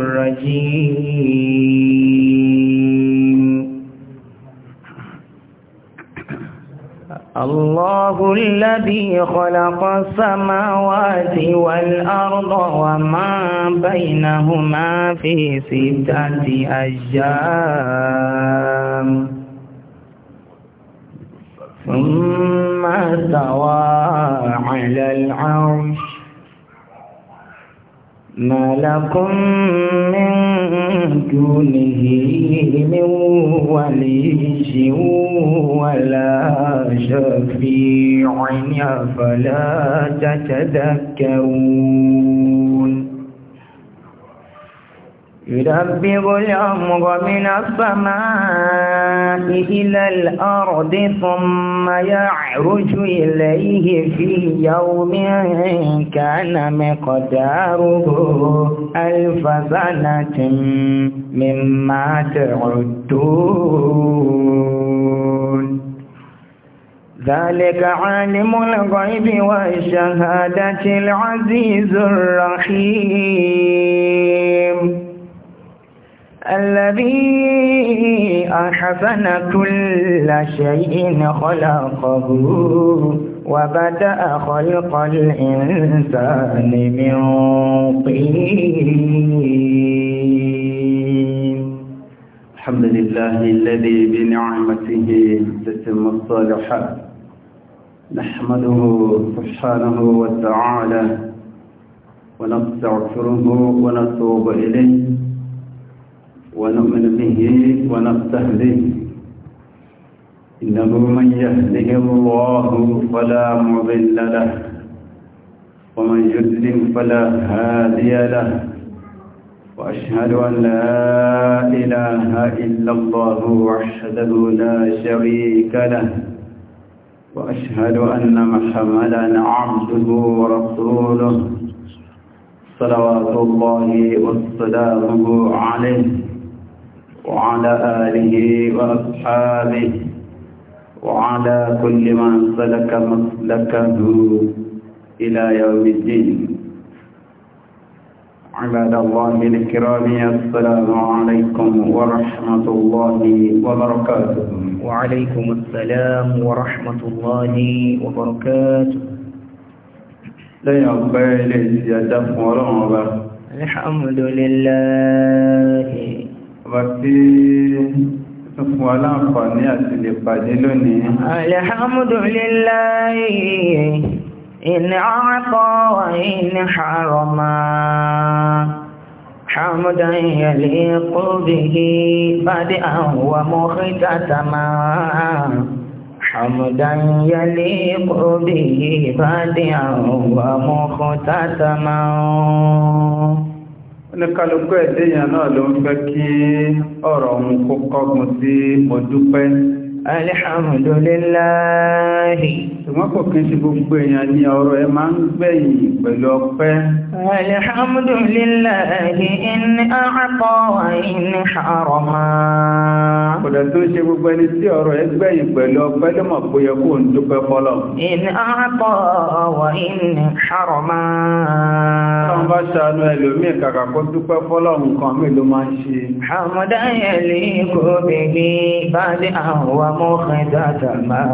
الرجيم الله الذي خلق السماوات والأرض وما بينهما في ستة أيام ثم استوى على العرش ما لكم من دونه من وليش ولا شفيع أفلا تتذكرون يدبر الأمر من السماء إلى الأرض ثم يعرج إليه في يوم كان مقداره ألف سنة مما تعدون ذلك عالم الغيب والشهادة العزيز الرحيم الذي أحسن كل شيء خلقه وبدأ خلق الإنسان من طين الحمد لله الذي بنعمته تتم الصالحات نحمده سبحانه وتعالى ونستغفره ونتوب إليه ونؤمن به ونستهديه إنه من يهده الله فلا مضل له ومن يسلم فلا هادي له وأشهد أن لا إله إلا الله وحده لا شريك له وأشهد أن محمدا عبده ورسوله صلوات الله وسلامه عليه وعلى آله وأصحابه وعلى كل من سلك مسلكه إلى يوم الدين عباد الله الكرام السلام عليكم ورحمة الله وبركاته وعليكم السلام ورحمة الله وبركاته لا يقبل الحمد لله ọba tí tún fún aláǹfààní àti lè pàdé lónìí. alhamdulillah in aqa wa in harama حمدا يليق به بدءا ومختتما حمدا يليق به بدءا ومختتما oníkálukú ẹ̀dẹ́yàn náà ló ń fẹ́ kí ọ̀rọ̀ òun kó kọ́gun sí mo Alhamdulillahi. Ṣùgbọ́n kò kí sí gbogbo èèyàn ní ọ̀rọ̀ ẹ máa ń gbẹ̀yìn pẹ̀lú ọpẹ́. Alhamdulillahi inni a'ata wa inni harama. Kò dẹ̀ tó ṣe gbogbo ẹni tí ọ̀rọ̀ ẹ gbẹ̀yìn pẹ̀lú ọpẹ́ ló mọ̀ pé yẹ kó ń dúpẹ́ fọ́lọ̀. Inni a'ata wa ومخدتما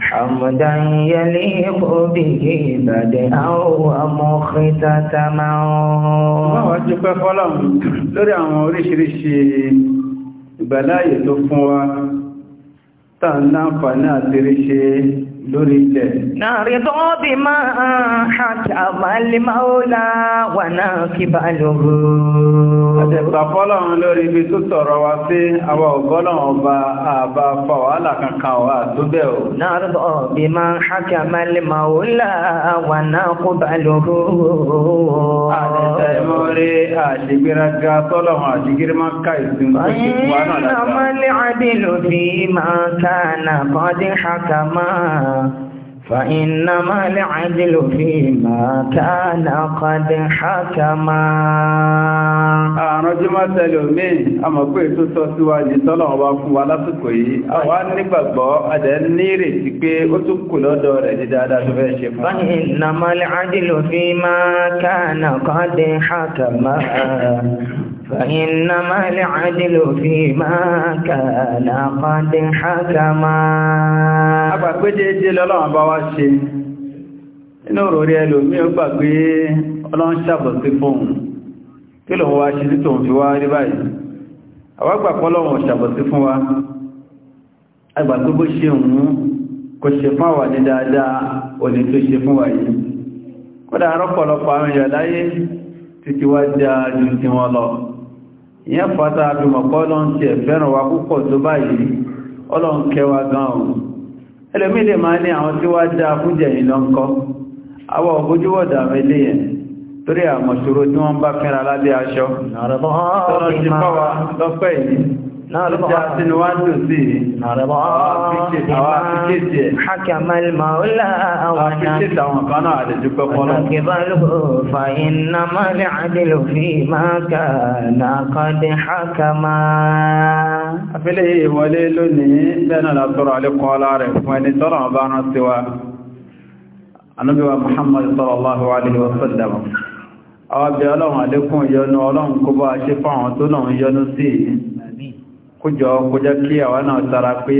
حمدا يليق به بدءا ومختتما Àwọn àjọpẹ́ fọ́lọ́mù lórí àwọn oríṣiríṣi ìgbàláyè tó fún wa tàà láǹfà náà ti rí ṣe lórí ilẹ̀. Nàrí bọ́ọ̀bì máa hàjá máàlì máa ó láwà náà kí bá lòrò. Àjẹ̀sà fọ́lọ́run lórí ibi tó tọ̀rọ wa sí àwọn ògbọ́lọ̀run ọba àbá fa wàhálà kankan wà tó bẹ̀ o. Nàrí bọ́ọ̀bì máa hàjá máàlì máa ó láwà náà kó bá lòrò. Àjẹ̀sà ìmọ̀re àṣìgbéraga tọ́lọ̀run àṣìgírímá ká ìsìn tó ti wà náà فإنما العدل فيما كان قد حكما àrùn jímọ́ tẹ́lẹ̀ omi àmọ́ pé ètò sọ síwájú tọ́lọ̀ ọba fún wa lásìkò yìí àwa nígbàgbọ́ àdẹ ní ìrètí pé ó tún kù lọ́dọ̀ rẹ̀ ní dáadáa tó fẹ́ ṣe fún wa. إنما العدل فيما كان قد حكما فإنما العدل فيما كان قد حكما Agbàgbé déédé lọ́lọ́run bá wá ṣe, inú òròrí ẹlòmí ó gbàgbé ọlọ́run ṣàbọ̀sí fóun, kí lọ wá ṣe tí tòun fi wá rí báyìí. Àwágbà pọ́lọ́run ṣàbọ̀sí fún wa, ìyẹn fata àbìmọ̀pọ̀ ọlọ́run ti ẹ̀fẹ́ràn wa púpọ̀ tó báyìí ọlọ́run kẹwa gan ohun ẹlẹ́mí máa ní àwọn tí wá dá fúnjẹ̀ yìí lọ ń mẹ́lẹ̀ yẹn torí àmọ̀ṣòro tí wọ́n bá fẹ́ra lábẹ́ Hakamal maula wa na kibalu fa inna mal adilu fi ma kana qad hakama. Afẹ́lẹ́ ìwọlé lónìí bẹ́ẹ̀nà látọ́rọ̀ alékọ́ alárẹ̀ fún ẹni tọ́rọ̀ bá rán sí wa. Anúbíwa Muhammad sallallahu alaihi wasallam. Àwọn abẹ́ ọlọ́run alékún ìyọnu ọlọ́run kó bá ṣe fáwọn tó náà yọnu sí yìí kójọ kójọ kí àwọn náà tara pé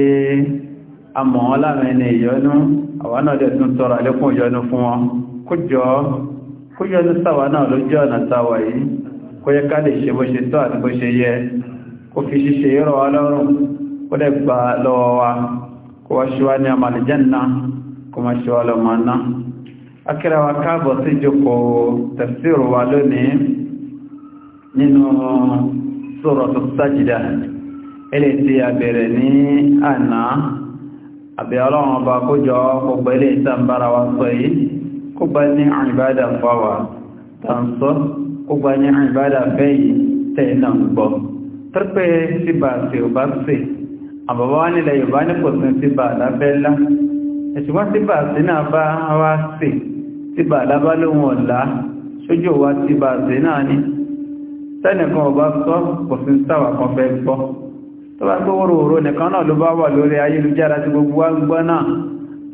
a mọ̀ wọn láàrin ní ìyọnú àwọn náà dẹ̀ tún tọrọ àlékún ìyọnú fún wọn kójọ kójọ ní sáwà náà lójú ọ̀nà sáwà yìí kó ká lè ṣe bó ṣe tọ́ àti bó ṣe yẹ kó fi ṣíṣe ìrọ̀ wa lọ́rùn kó dẹ̀ gbà lọ́wọ́ wa kó wá ṣíwá ní àmàlìjẹ́nà kó má ṣíwá lọ́mọ náà akẹ́rẹ́ wa káàbọ̀ sí ìjókòó tafsir wa lónìí nínú suratul Sajdah ilé tí a bẹ̀rẹ̀ ní àná àbí ọlọ́run ọba kójọ gbogbo ilé ìtàǹbára wa sọ yìí kó bá ní àìbádà fáwà tàǹsọ́ kó bá ní àìbádà fẹ́ yìí tẹ́ iná ń gbọ́ tẹ́pẹ́ síbà sí ò bá sí àbàbá wá nílẹ̀ yorùbá ní kò sí síbà lábẹ́lá ẹ̀ṣùgbọ́n síbà sí náà bá wá sí síbà lábá lóhun ọ̀la sójú wa síbà sí náà ni tẹ́nìkan ọba sọ kò sí sáwà kan fẹ́ gbọ́ tó bá gbọ́ wọ́rọ̀wọ́rọ̀ nìkan náà ló bá wà lórí ayélujára tí gbogbo wa ń gbọ́ náà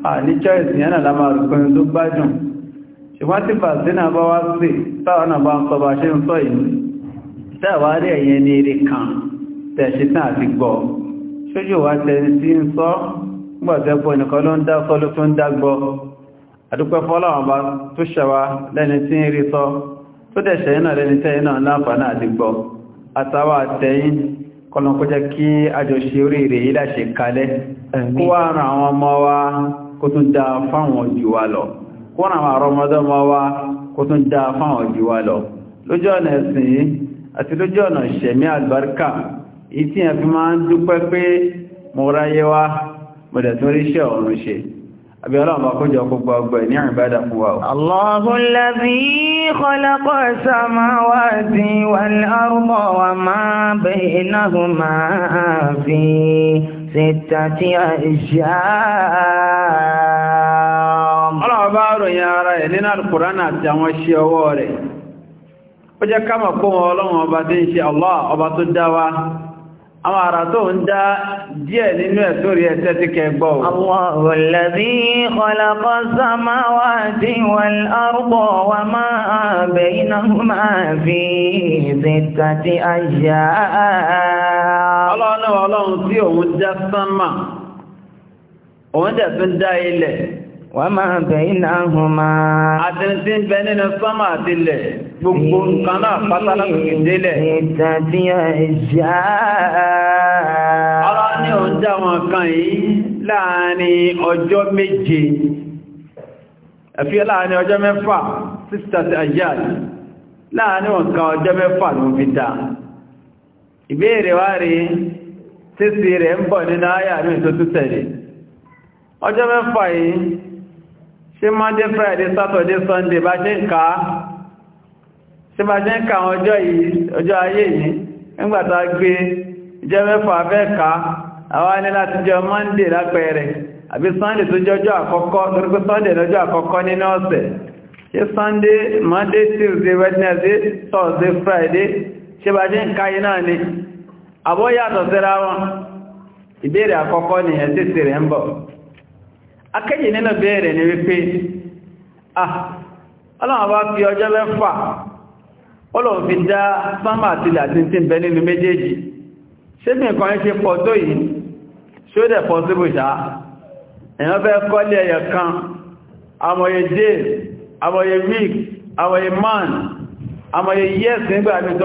à ní choice yẹn náà lámà rùgbọ́n tó gbájùn ṣùgbọ́n tí bàtínà bá wá sí táwọn náà bá ń sọ bá wa tẹni tí ń sọ gbọ̀tẹ́pọ̀ nìkan ló ń dá sọ ló tún dá gbọ́ àdúpẹ́ fọ́láwọn bá tó ṣẹwa lẹ́ni tí ń rí sọ tó dẹ̀ṣẹ̀ náà lẹ́ni tẹ́yìn náà láǹfààní àtàwà àtẹ́yìn kọlọ̀kọjẹ́ kí àjọṣe oríire yìí láṣe kalẹ̀ kó wá ràn àwọn ọmọ wa kó tún dá fáwọn jù wa lọ kó ràn àwọn ọmọdọ́mọ wa kó tún dá fáwọn jù wa lọ lójú ọ̀nà ẹ̀sìn àti lójú ọ̀nà ṣẹ̀mí àlùbáríkà ìtí fi máa ń dúpẹ́ pé mo ráyé wá mo ọ̀run ṣe أبي الله ما كنت أقول بأني عبادة فواه الله الذي خلق السماوات والأرض وما بينهما في ستة أيام الله بارو يا رأي لنا القرآن أتمشي ووري وجاء كما قوم الله وبعدين شاء الله وبعد الدواء àwọn àrà tó ń dá díẹ̀ nínú ẹ̀ sórí ẹsẹ̀ tí kẹ gbọ́ Allahu alladhi khalaqa samawati wal arda wa ma bainahuma fi sittati ayyam ọlọ́run náà ọlọ́run tí òun dá sánmà òun dẹ̀ tún dá ilẹ̀ wà máa bẹ̀ iná hùn máa. Àtẹ̀sí bẹ nínú sọ́mà àtìlẹ̀, gbogbo nǹkan náà pátálá lókè délẹ̀. Ìtàdí ẹ̀ṣá. Ọlá ní òun dá wọn kan yìí láàárín ọjọ́ méje. Ẹ̀fí láàárín ọjọ́ mẹ́fà, sísítàtì àjáàlì. Láàárín ọjọ́ mẹ́fà ṣe monday friday saturday sunday bá ṣe ń ká ṣe bá ṣe ń ká ọjọ́ yìí ọjọ́ ayé yìí nígbàtà gbé jẹ́ mẹ́fà fẹ́ ká àwọn ní láti jọ monday lápẹẹrẹ àbí sunday tó jọjọ́ àkọ́kọ́ torípé sunday lọ́jọ́ àkọ́kọ́ nínú ọ̀sẹ̀ ṣe sunday monday tuesday wednesday thursday friday ṣe bá ṣe ń ká yìí náà ni àbọ́ yàtọ̀ síra wọn ìbéèrè àkọ́kọ́ nìyẹn tètè rẹ̀ ń bọ̀ akẹ́yì nínú bẹ̀rẹ̀ ni wípé ah, ọlọ́run bá fi ọjọ́ mẹ́fà ọlọ́run fi dá sánmà àti ìlàtíntí bẹ nínú méjèèjì ṣébí nǹkan ń ṣe pọ̀ tó yìí ṣó dẹ̀ pọ̀ síbò ṣá èèyàn fẹ́ kọ́lé ẹyẹ kan amọ̀yẹ day amọ̀yẹ week amọ̀yẹ month amọ̀yẹ years nígbà mi tó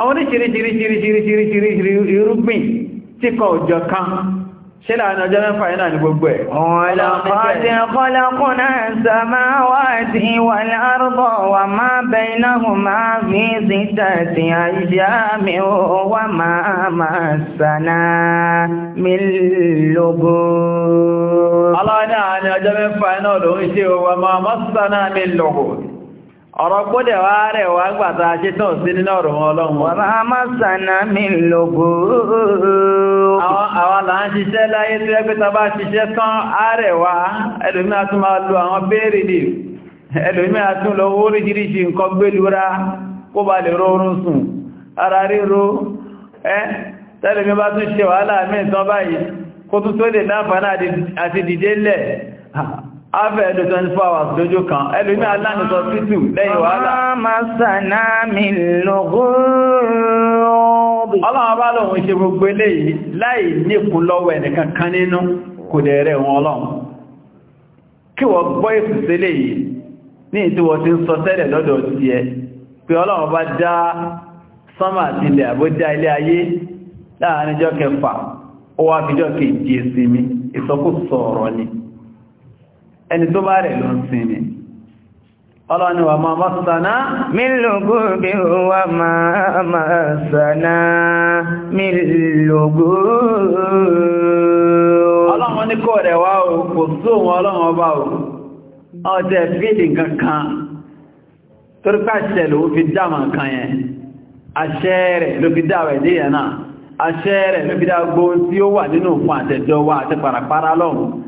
àwọn oníṣiríṣiríṣiríṣiríṣiríṣirí irúgbìn tí kan òjò kan ṣe láàrin ọjọ́ mẹ́fà iná ní gbogbo ẹ̀. ọ̀lọ́kọ̀dẹ̀ kọ́lọ́kọ́nà sàmáwàtí wà lárúbọ̀ wà máa bẹ ináhùn máa fi sítàtì àìṣàmì wà máa máa sànà mílògbò. aláàrin ọjọ́ mẹ́fà iná lòun ṣe wà máa máa sànà mílògbò ọ̀rọ̀ gbọ́dẹ̀ wá rẹ̀ wá gbàtà ṣe tán sí nínú ọ̀rọ̀ ọlọ́run wọ́n máa máa sànà mi lògbò àwọn là ń ṣiṣẹ́ láyé tó yẹ pé ta bá ṣiṣẹ́ tán ààrẹ̀ wá ẹlòmíà tún máa lo àwọn béèrè lè ẹlòmíà tún lọ oríṣiríṣi nǹkan gbélúra kó ba lè rọrùn sùn ara ríro ẹ́ tẹ́lẹ̀mí bá tún ṣe wàhálà mí afẹ́ ẹ̀dọ̀ 24 hours lójú kan ẹlùmí aláàrùsọ títù lẹ́yìn wàhálà ọlọ́run bá lòun ṣe gbogbo eléyìí láì nípun lọ́wọ́ ẹnìkan kan nínú kò dẹ̀ rẹ̀ wọn ọlọ́run kí wọ́n gbọ́ ìpùsẹ̀ léyìí ní ìtí wọ́n ti ń sọ tẹ́lẹ̀ lọ́dọ̀ sí ẹ pé ọlọ́run bá dá sánmà àti ilẹ̀ àbójá ilé ayé láàárín jọ́ kẹfà ó wá fi jọ́ kejì ìsinmi ìsọkúsọ ọ̀rọ̀ ni ẹni tó bá rẹ̀ ló ń sinmi ọlọ́ni wà máa mọ́sàná mílògóbi wà máa mọ́sàná mílògó ọlọ́run ní kò rẹ̀ wá o kò ọba o ọjẹ́ fíìdì kankan ló fi dáma kan yẹn ló fi dáwẹ̀ náà ló fi dá gbóhun tí ó wà nínú fún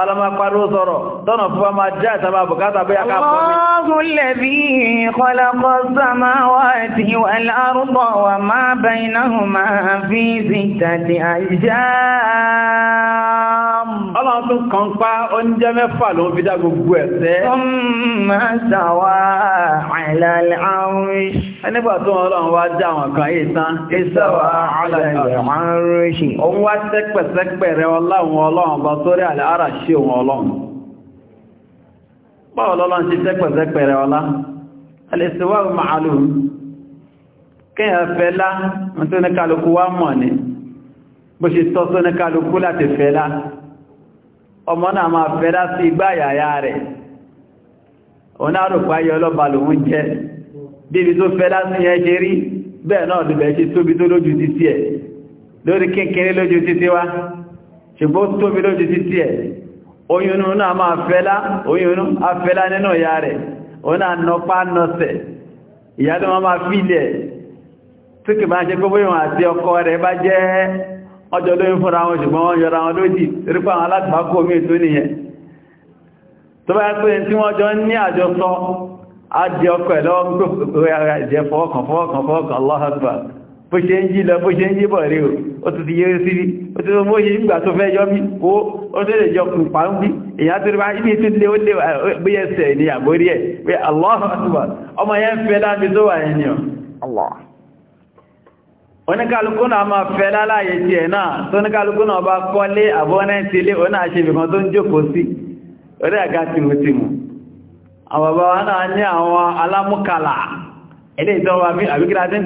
alama pariwo sọ̀rọ̀ tọ́nà fún ọmọ jẹ́ ìsàbà bukata bí a káàkọ́ mi. Ọlọ́gùn lẹ́bí kọlọ́kọ́ sàmà wà tí wà lárúbọ̀ wà máa bẹ̀yìn náà máa fi sítàtì àìjá. Ọlọ́run tún kan pa oúnjẹ mẹ́fà ló fi dá gbogbo ẹ̀sẹ̀. Ọmọ sàwà àìlàlẹ̀ àrùn. Ẹnigbà tó ọlọ́run wá já àwọn kan yìí tán. Ìsàwà àìlàlẹ̀ àrùn. Òun wá sẹ́pẹ̀sẹ́pẹ̀ rẹ ọlọ́run ọlọ́run bọ́ sórí àlẹ́ àràṣ ṣe òun ọlọ́run báwo lọ́lọ́run ṣe tẹ́pẹ̀ẹ́pẹ̀rẹ̀ ọlá alẹ́sẹ̀wà màálù kíyàn fẹ́lá tó ní kálukú wá mọ̀ ní bó ṣe tọ́ tó ní kálukú láti fẹ́lá ọmọ náà máa fẹ́lá sí igbá yàyà rẹ̀ òun náà rùpa yọ ọlọ́bà lòun jẹ́ bíbi lórí kínkínní lójú títí wá ṣùgbọ́n tóbi lójú títí ẹ̀ onye náà máa fẹ́lá fela ninu ya re rẹ̀ o náà ma nọsẹ̀ ìyá tó máa fi ilẹ̀ tí kì máa ṣe gbogbo ìwọ̀n àti ọkọ rẹ̀ bá jẹ́ ọjọ́ lóyún fúnra wọn ṣùgbọ́n wọ́n yọra wọn lójì jọ ní àjọsọ á di ọkọ ẹ̀ bó ṣe ń jí lọ bó ṣe ń jí bọ̀ rí o ó tún ti yẹ́rẹ́ sírí ó tún mọ́ yìí nígbà tó fẹ́ yọ́ bí ó ó tún lè jọ pùpà ń bí èyàn tó rí bá ibi tí lé ó lè bí ẹsẹ̀ ní àgbórí ẹ̀ pé Allah ọmọ yẹn fẹ́ láti tó wà ẹni ọ̀ Allah oníkàlùkù náà máa fẹ́ láláyé tí ẹ̀ náà tó oníkàlùkù náà bá kọ́lé àbọ́nẹ́ntí ilé oní àṣebìkan tó ń jókòó sí orí àga tìmùtìmù àwọn bàbá náà ní àwọn alámúkàlà ilé ìtọ́wà àbíkíra tí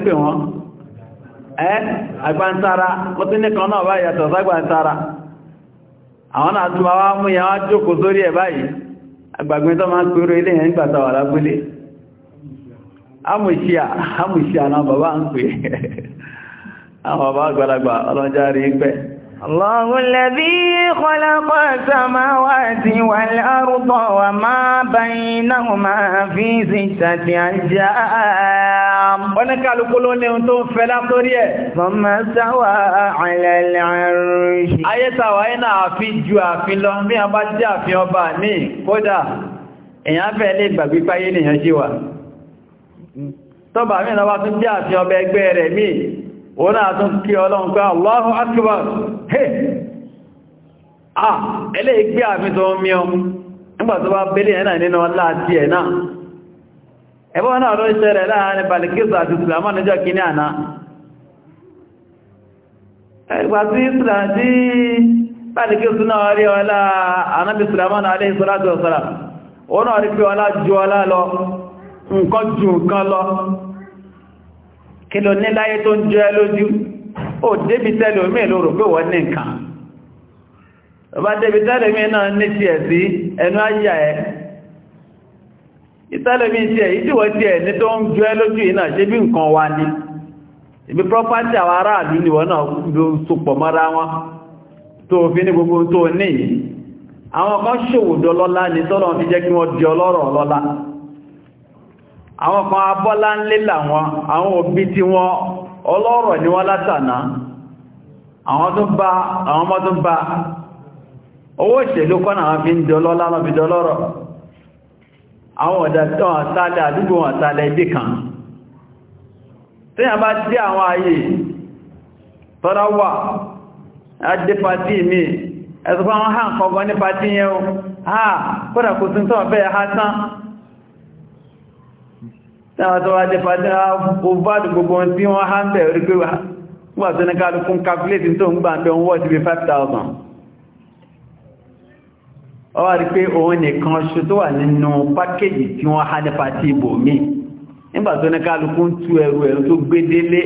ẹ́ agbántara wọ́n tí ní kan náà báyìí yàtọ̀ ságbántara àwọn na tún máa mú yàn wọ́n jókòó sórí ẹ̀ báyìí agbàgbé tó máa ń pèrò ilé yẹn nígbàtà wà lágbélé amùsíà amùsíà náà bàbá ń pè الله الذي خلق السماوات والأرض وما بينهما في ستة أيام ونكال قلوني انتم فلا قرية ثم سوى على العرش آية سوائنا في جوا في لهمي أبجا في أباني قدا èyàn fẹ́ lè gbàgbé páyé nìyàn jíwà tó bàmí lọ wá tún jẹ́ àfihàn òun náà tún kí ọlọ́run pé Allahu ah ẹlẹ́ ìgbé àmì tó ń mìọ́ nígbà tó bá bẹ́lẹ̀ ẹ̀nà nínú ọlá àti ẹ̀ náà ẹ̀bọ́n náà ló ń ṣẹlẹ̀ láàárín Balikis àti Sulaiman níjọ́ kìíní àná kí ló ní láyé tó ń jọ ẹ lójú ó débi tẹ́lẹ̀ omi ìlú rò pé wọ́n ní nǹkan ọba débi tẹ́lẹ̀ mi náà ní tiẹ̀ sí ẹnu ayà ẹ ìtẹ́lẹ̀ mi tiẹ̀ ìdíwọ̀ tiẹ̀ ní tó ń jọ ẹ lójú yìí ṣe bí wa ni ibi property àwọn aráàlú ni wọ́n náà ló sopọ̀ mọ́ra àwọn kan abọ́lá ń lé làwọn àwọn òbí tí wọ́n ọlọ́rọ̀ ni wọ́n látànà àwọn tó bá àwọn ọmọ tó bá owó ìṣèlú kọ́nà àwọn fi ń di ọlọ́lá fi dọlọ́rọ̀ àwọn ọ̀dà wọn àdúgbò wọn kan ha náà tó wá jẹ́ fàájá ovádù gbogbo tí wọ́n há ń bẹ̀rẹ̀ pé wà tó ní kálùkù calculate tó ń gbà ń bẹ̀ wọ́n ti bí 5,000 ọwá rí pé òun nìkan ṣe tó wà nínú pákéjì tí wọ́n há nípa tí ibò mí nígbà tó ní kálùkù ń tú ẹrù ẹ̀rù tó gbé délé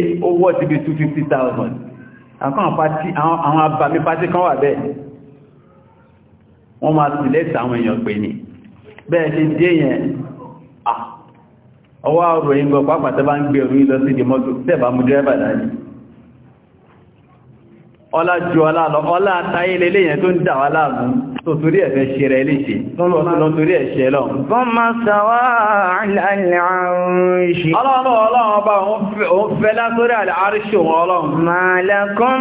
ọwọ́ àrùn ìgbọ̀ pápá tẹ́ bá ń gbé orí lọ sí ìdímọ́tò tẹ́ mú dẹ́rẹ́bà dání ọlá ju ọlá lọ ọlá táyé lélẹ́yìn tó ń dà wá láàmú tó torí ẹ̀fẹ́ ṣe rẹ̀ léṣe lọ́nà torí ẹ̀ṣẹ́ lọ. bọ́mà sàwà àlàáṣì. ọlọ́run ọlọ́run ọba òun fẹ́ látórí àlàáṣì òun ọlọ́run. màlàkùn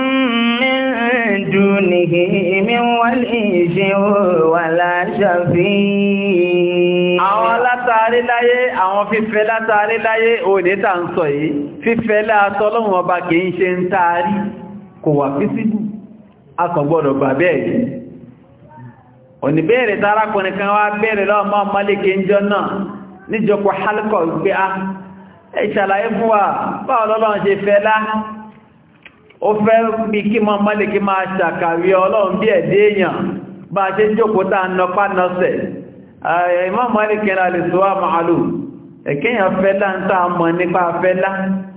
àwọn fífẹ́ látàrí láyé òní tà ń sọ yìí fífẹ́ látọ́lọ́run ọba kì ṣe ń taari. kò wà fi sí akọ̀gbọ́dọ̀ bà bẹ́ẹ̀ yìí òní bẹ́ẹ̀rẹ̀ tárakùnrin kan wá bẹ́ẹ̀rẹ̀ lọ́wọ́ máa ń jọ náà níjọpọ̀ halkọ̀ gbé á ah, ìṣàlàyé fún wa báwọn ṣe fẹ́ ọlọ́run ṣe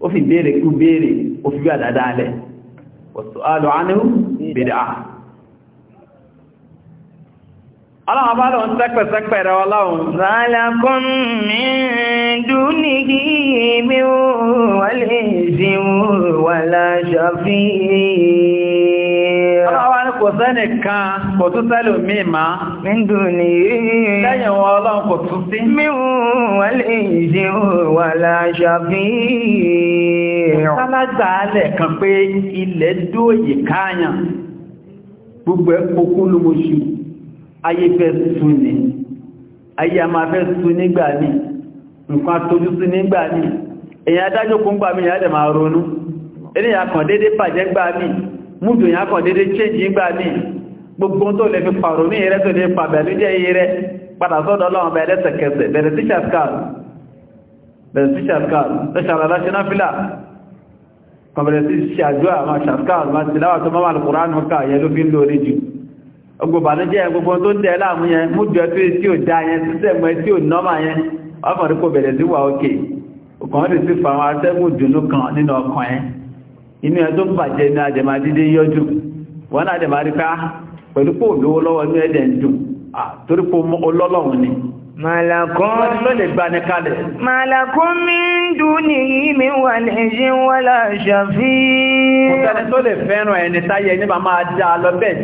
ó fi béèrè kú béèrè ó fi bí àdádá alẹ̀ wasu'alu anhu bid'ah aláwọn bá lọ sẹ́pẹ̀sẹ́pẹ̀ rẹ̀ ọláhun rálàkún mi sẹ́nì kan kò tún sẹ́lò míì má. Nígbò ní yìí. Lẹ́yìn wọn ọlọ́run kò tún sí. Míhùn wọ́n lè ṣe wà láṣàfihàn. Sálágbà alẹ̀ kan pé ilẹ̀ dóòyì káàyàn. Gbogbo ẹ̀kọ́kú ló mo ṣù. Ayé fẹ́ sun ni. Ayé a máa fẹ́ sun nígbà ni. Nǹkan atójú sí nígbà ni. Èèyàn adájókòó gbà mí, èèyàn á ronú. Eléyàn kan déédéé gbà mí múdù yàn kọ̀ dédé chéjì gbà ní gbogbo tó lè fi pàrọ̀ mí rẹ̀ tó lè pa bẹ̀lú jẹ́ iye rẹ̀ padà sọ́dọ̀ ọlọ́run bẹ̀rẹ̀ tẹ̀kẹsẹ̀ bẹ̀rẹ̀ tíṣàs káàlù bẹ̀rẹ̀ tíṣàs káàlù lọ́ṣàrà láṣẹ́ná fílà kọ̀bẹ̀rẹ̀ sí ṣàjúà ma ṣàskáàlù ma tìláwà tó máa alùkùránù ká yẹ ló fi ń lórí jù ọgbọ̀bànújẹ́ gbogbo tó dẹ̀ láàmú yẹn mújú ẹtú tí ò dá yẹn sísẹ̀mọ́ tí ò nọ́mà yẹn ọfọ̀rí kò bẹ̀rẹ̀ sí wà ókè ọkàn rí sí fàwọn atẹ́gùn dùnú kan nínú ọkàn yẹn inú ẹ̀tọ́ bàjẹ́ ní àjẹ̀mà dídé yọjú wọ́n náà jẹ̀mà rí ká ah, pẹ̀lú pò lówó lọ́wọ́ ní ẹ̀dẹ̀ ń dùn ah, torí pò olọ́lọ́run ni màlàkún mi ń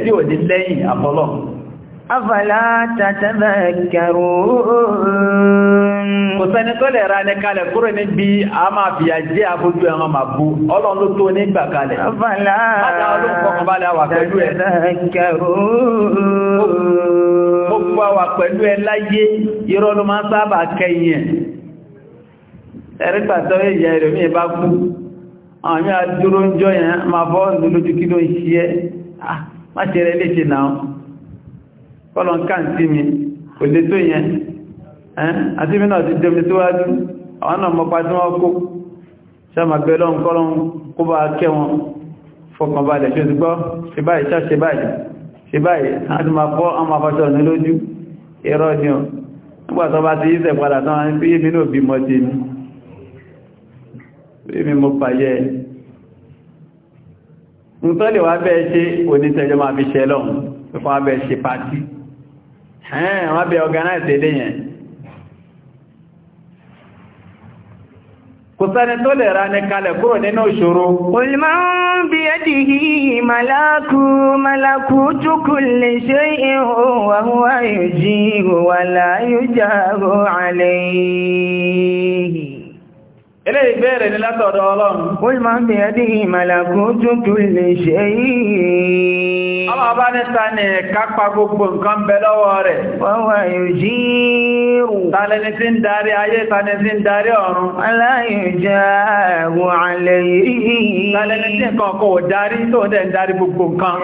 dùn afẹ́lá tàtàbà kẹrù kò sẹ́ni tó lè ra a máa fi àjẹ́ àbójú ẹran máa bú ọlọ́run ló tó ní ìgbà kalẹ̀ afẹ́lá tàtàbà kẹrù àwọn àdúró ń jọ yẹn ma fọ́ ma lójú kí ah kọ́lọ̀n káàntí mi kò lè tó yẹn àti mi náà ti jẹ́ mi síwájú àwọn náà mọ́pá tí wọ́n kó sẹ́mà bẹ̀lọ́n kọ́lọ̀n kó bá kẹ́ wọn fọkànbalẹ̀ ṣe gbọ́ ṣe báyìí ṣá ṣe báyìí ṣe báyìí láti máa fọ́ ọmọ ni ọ nígbà tó bá ti yíṣẹ̀ padà mo pàyẹ bẹ́ẹ̀ ṣe onítẹ̀jọ́ máa fi ṣẹlọ́run fífọ́n abẹ́ ṣe pàtí ẹ̀ẹ́n wọ́n bẹ organize ilé yẹn kò sẹ́ni tó lè ra ní kalẹ̀ kúrò nínú ìṣòro olùmọ́ bí ẹ́dì yìí màlákù màlákù túkù lè ṣe ilé ìbéèrè ni látọ̀dọ̀ ọlọ́run olùmọ́ bí ẹ́dì yìí màlákù túkù lè ṣe ìhòwàwà Ọlọ́ọ̀bá níta ni kápa gbogbo nǹkan bẹ lọ́wọ́ rẹ̀. Wọ́n wà yóò jí rù. Tàlẹni tí ń darí ayé, tàlẹni tí ń darí ọ̀run. Aláyòjá àwọn alẹ́ yìí. Tàlẹni tí nǹkan kò darí tó dẹ̀ ń darí gbogbo nǹkan.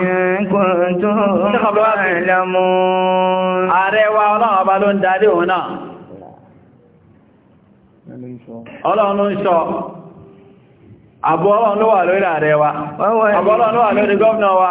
Ààrẹ wa ọlọ́ọ̀bá ló Ọlọ́run ló ń sọ ló wà lórí ààrẹ wa àbọ̀ ló wà lórí gọ́ọ̀nà wa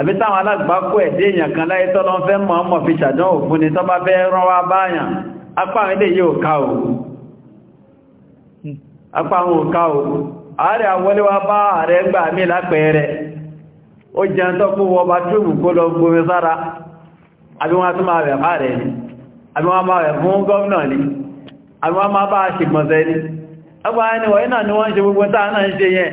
àbí táwọn alágbàkó ẹ̀dẹ́ èèyàn kan láyé tọ́lọ́ fẹ́ mọ̀ ọmọ fi ṣàdánwò fún ni tọ́ bá fẹ́ rán wá báyàn apá ilé yóò ká o apá àwọn òká o ààrẹ àwọlé wá bá ààrẹ gbà mí lápẹẹrẹ ó wọ bá túbù kó lọ gbomi sára àbí wọ́n tún máa rẹ̀ rẹ̀ ni àbí wọ́n máa rẹ̀ fún gọ́ọ̀nà ni àbí wọ́n máa bá ni ọgbà ẹni wọ̀nyí náà ni wọ́n ń ṣe gbogbo táà náà ń ṣe yẹn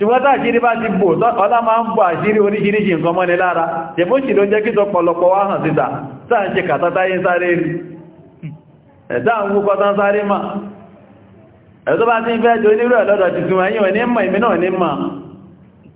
ṣùgbọ́n tá àṣírí bá ti bò ọlá máa ń bò àṣírí oríṣiríṣi nǹkan mọ́ni lára ṣèbóṣì ló jẹ́ kí tó pọ̀lọpọ̀ wá hàn síta sáà ń ṣe kàtàtàyé sáré rí ẹ̀dá ń wúkọ́ tán sáré mà ẹ̀tọ́ bá ti ń fẹ́ jẹ́ onírú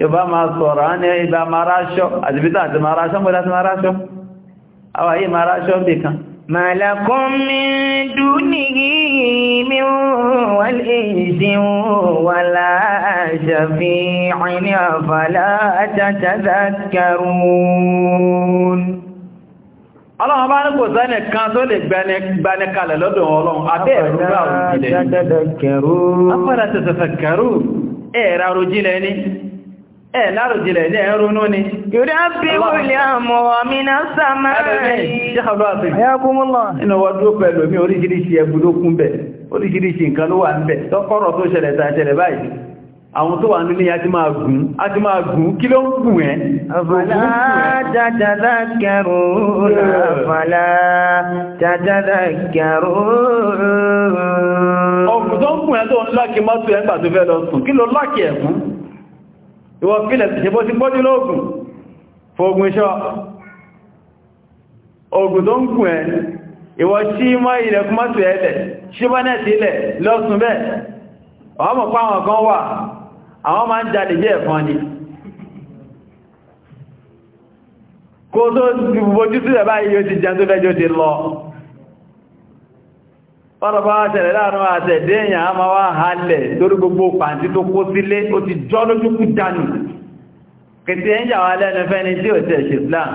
yọba máa sọ̀rọ̀ á ní ibà máa ráṣọ́ àdìbítà àti máa ráṣọ́ mọ́lá ti máa ráṣọ́ àwà yìí máa ráṣọ́ bì kan màlàkún mi dúnìí mi wà lè ṣe wà láàṣàfi ìní àfàlà àtàtàkàrún ọlọ́run bá ní kò sẹ́nì kan tó lè gbani kalẹ̀ lọ́dọ̀ ọlọ́run abẹ́ ẹ̀rù òjìlẹ̀ ní afẹ́lẹ̀ tẹ̀sẹ̀fẹ̀ kẹrù ẹ̀ẹ̀rà òjìlẹ̀ ní ẹ̀ láròjìlẹ̀ ní ẹ̀rùnú ni yóò rí àmọ̀wà mi náà sàmà rẹ̀ àwọn tó wà nílé ya ti máa gùn a ti máa gùn kí ló ń gùn ẹ́ àfàlá kẹrùn-ún àfàlá jàjàdà kẹrùn-ún ọkùn tó ń gùn ẹ́ tó ń lákí mọ́tò ẹgbà tó fẹ́ lọ sùn kí ló lákí ẹ̀kùn ìwọ fílẹ̀ ṣe bó ti gbójú lóògùn fògùn iṣọ́ ogun tó ń gùn ẹ̀ ìwọ sí mọ́ ilẹ̀ kúmọ́sù ẹ̀lẹ̀ ṣíbánẹ̀tì ilẹ̀ lọ́sùn bẹ́ẹ̀ ọmọ pa àwọn kan wà àwọn máa ń jáde jẹ́ ẹ̀fọn ni kó tó bojú ọ̀rọ̀ bá wá ṣẹlẹ̀ láàrin àtẹ̀dẹ́ èèyàn a máa wá halẹ̀ lórí gbogbo pàǹtí tó kó sílé ó ti jọ́ lójúkú dànù kìtì ẹ̀yà wà lẹ́nu fẹ́ni tí ó tẹ̀ ṣe Islam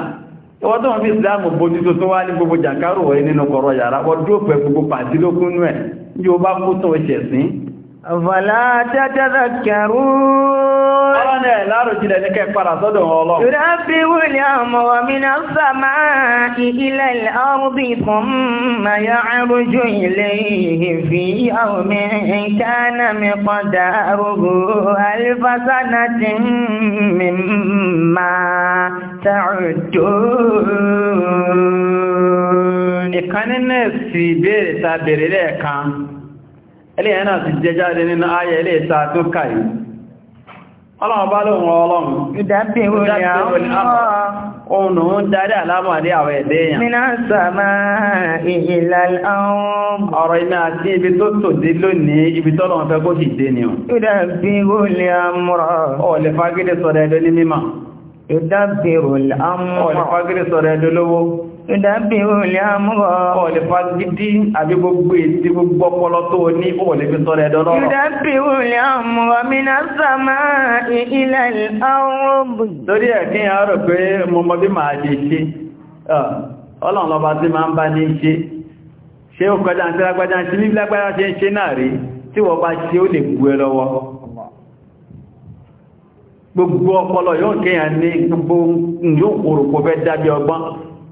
ìwọ́n tó wọ́n Islam bójú tó tó wá ní gbogbo jàǹkárò wọ́n nínú kọ̀rọ̀ yàrá wọ́n dúró pẹ̀ gbogbo pàǹtí lókún nú ẹ̀ Ọlọ́nà ẹ̀ láròjìlẹ̀ ní kẹfàrà sọ́dọ̀ ọlọ́run. Yùdábí wùlẹ̀ ọmọ ọmọmìnà sàmà ilẹ̀ ọrùbí fún mayá arújú ilẹ̀ ìfì ọmọ ìkánà mi pọ̀dà arúgbó alifásánà ti mímá tàrùtò. ìbéèrè ta bèèrè lẹ́ẹ̀kan, ẹlẹ́yìn náà ti jẹjáde nínú ayẹ ilé ìta tó kàyí ọlọ́run bá lóhun ọlọ́run ìdábìnrin ní àwọn ọ̀nà ń darí àlámàdé àwọn ẹ̀dẹ́ èèyàn mínà sàmà ìhìlà àwọn ọ̀rọ̀ iná àti ibi tó tò dé lónìí ibi tó lọ́wọ́n fẹ́ kó sì dé ni ìdábìnrin ní àmúrà ìdábí olè àmúrọ̀ ọ̀lẹ̀ fagidi àbí gbogbo gbogbo ọpọlọ tó ní fi ìdábí olè àmúrọ̀ mina sama ilẹ̀ ọ̀rọ̀bù torí ẹ̀ kí yàrá pé mo bí màá lè ṣe ọlọ́run tí máa ń bá ní ṣe ṣe ó kọjá ń ṣe gbogbo ọpọlọ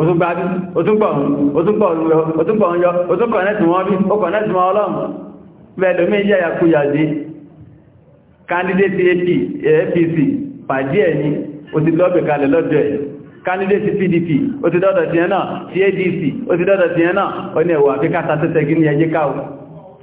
òtúgbàbí òtúgbọ̀n òtúgbọ̀n yọ òtúgbọ̀n yọ òtúgbọ̀n nẹ́tì wọ́n bí ó kọ̀nẹ́tì wọ́n ọlọ́run bẹ̀ẹ̀lú méjì àyàkúyà dé kandidati apc pàdé ẹni ó ti lọ́bẹ̀ kalẹ̀ lọ́dọ̀ ẹ̀ kandidati pdp ó ti dọ́dọ̀ tiẹ̀ náà ti adc ó ti dọ́dọ̀ tiẹ̀ náà ó ní ẹ̀wọ̀ àfikátà tẹ́tẹ́gí ní ẹjẹ́ káwọ́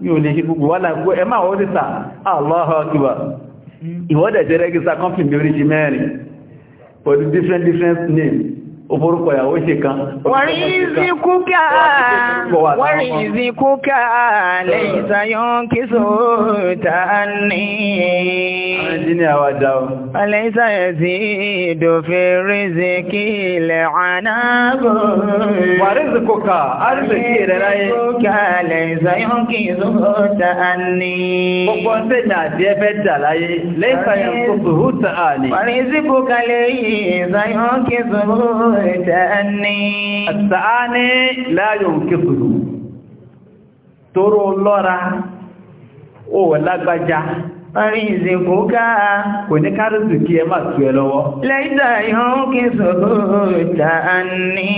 mi ò lè ṣe gbogbo wà láàgbó ẹ máa wọ́n títà Allahu Akbar ìwọ́dẹ̀ jẹ́ rẹ́gísà kọ́mpìn bí oríṣi mẹ́rin different different names òforúkọ ìyàwó ṣe kan wọ́n ìzí kúkà lẹ́yìn sayon kí so ta ní lẹ́yìn sayon sí ìdòfin rízi kí ilẹ̀ ànábò wà rízi kúkà arìsìkí rẹ̀ ráyé lẹ́yìn sayon kí so ta ní gbogbo ṣẹ́yìn àti ẹfẹ́ dà láyé lẹ́yìn sayon kí so ta ní wà rízi kúkà lẹ́yìn sayon kí so ìtẹ́ni àtàání láyò kéfùrù tóró lọ́ra ó lágbájá Àrin ìsìnkú káà kò ní kárùsù kí ẹ máa tù ẹ lọ́wọ́. Lẹ́ìdà ìhàn kí sọ̀rọ̀ ìtàání.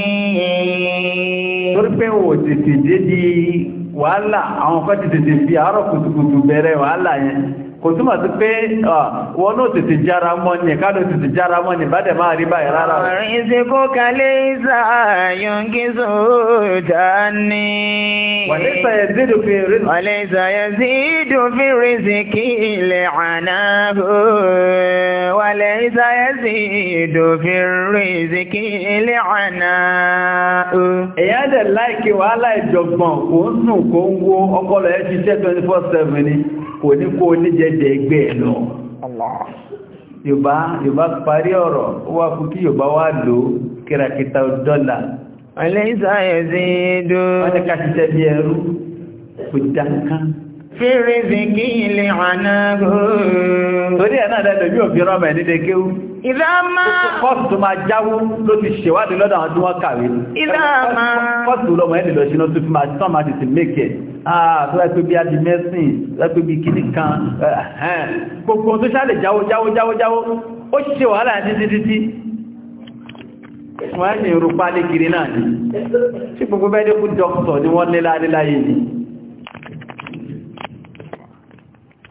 Torí pé wò tètè dé wàhálà, àwọn kan ti tètè fi àárọ̀ kùtùkùtù bẹ̀rẹ̀ wàhálà yẹn kò túmọ̀ sí pé wọn náà tètè jára mọ́ ni káàdùn tètè jára mọ́ ni bá máa rí báyìí rárá. ọ̀rìn dẹ̀ láìkí wàhálà ìjọ̀gbọ̀n kò ń sùn kò ń wo ọkọ rẹ̀ ṣiṣẹ́ twenty four seven ni kò ní kó níjẹ́dẹ̀ ẹgbẹ́ ẹ̀ lọ yorùbá yorùbá parí ọ̀rọ̀ ó wá fún kí yorùbá wá lò ó kìràkìtà dọ́là ọ̀lẹ́ ìsáyẹ̀ sí dúró wọ́n ní ká ṣiṣẹ́ bí ẹrú kò dáńkán fèrè zìkí ilẹ̀ ànágó. Torí ẹ̀ náà lẹ́lẹ̀ yóò fi rọ́mọ̀ ẹ̀ní lékéwú. Ìdámá. Kọ́sù tó máa jáwó ló ti ṣèwádìí lọ́dọ̀ àwọn tí wọ́n kàwé. Ìdámá. Kọ́sù lọmọ ẹ̀ní ni. Ṣé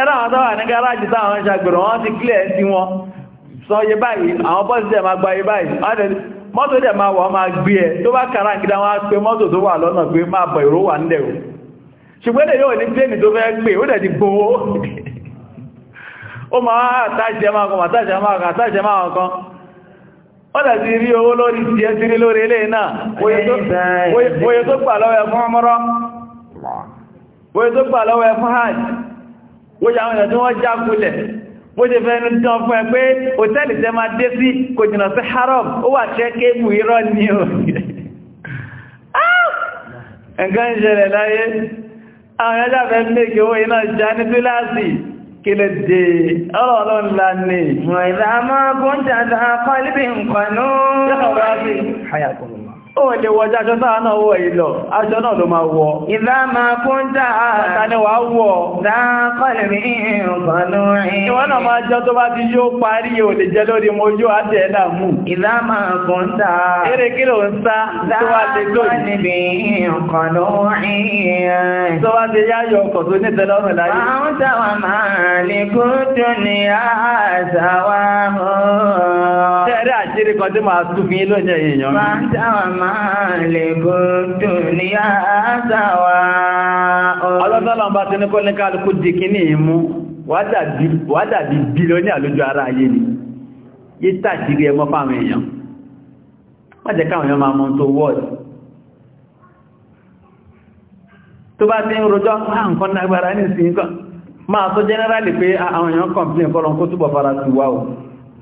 ẹ̀rọ àwọn tó wà ní gáràjì táwọn ṣàgbèrò wọ́n ti clear sí wọn sọ yé báyìí àwọn bọ́ọ̀sì dẹ̀ máa gba báyìí mọ́tò dẹ̀ máa wà máa gbé ẹ tó bá kàrà gídá wọn á pé mọ́tò tó wà lọ́nà pé máa bọ̀ ìró wà o ṣùgbọ́n yóò ní pléènì tó fẹ́ gbé ó dẹ̀ ti gbowó ó máa wọ́n yà àwọn ẹ̀dùn wọ́n já kulẹ̀ bó ṣe fẹ́ ní dán fún ẹ pé hòtẹ́lì tẹ́ máa dé sí kò jìnà sí haram ó wà tẹ́ kébù irọ́ ní o ah! nǹkan ṣẹlẹ̀ láyé àwọn ẹjá mẹ́kẹ́ owó iná já ní túláàsì kí dé ọlọ́ọ̀lọ́n lá ní ìwọ̀n ó lè wọ jáṣọ sáà náà wọ ìlọ aṣọ náà ló máa wọ ìdámà fún dáa tàníwà wọ dákọlẹ̀mí ìrìnkọ̀lú rìn ìwọ́n náà máa jọ tó bá ti yóò parí ò lè jẹ lórí mojú àti ẹ̀dà mú ìdámà fún dáa eré kí ló ń sá tó wá ti lórí ìrìnkọ̀lú rìn tó wá ti yáyọ ọkọ̀ tó ní tẹ́lọ́rùn láyé àwọn táwà máa lè kú dúnìyà àṣàwà hàn máàlìkù dúníyà sáwà ọlọ́dọ́lọ́n bá ti ní kó ní kálukú jikí kíní ìmú wà dàbí bílíọ́nì àlójú ara ayé ni yí tàjírí ẹmọ́ fáwọn èèyàn ka káwọn èèyàn máa mọ́ tó wọ́ọ̀dì tó bá ti ń rojọ́ ah, nǹkan ní máa tó jẹ́nẹ́rálì pé ah, àwọn èèyàn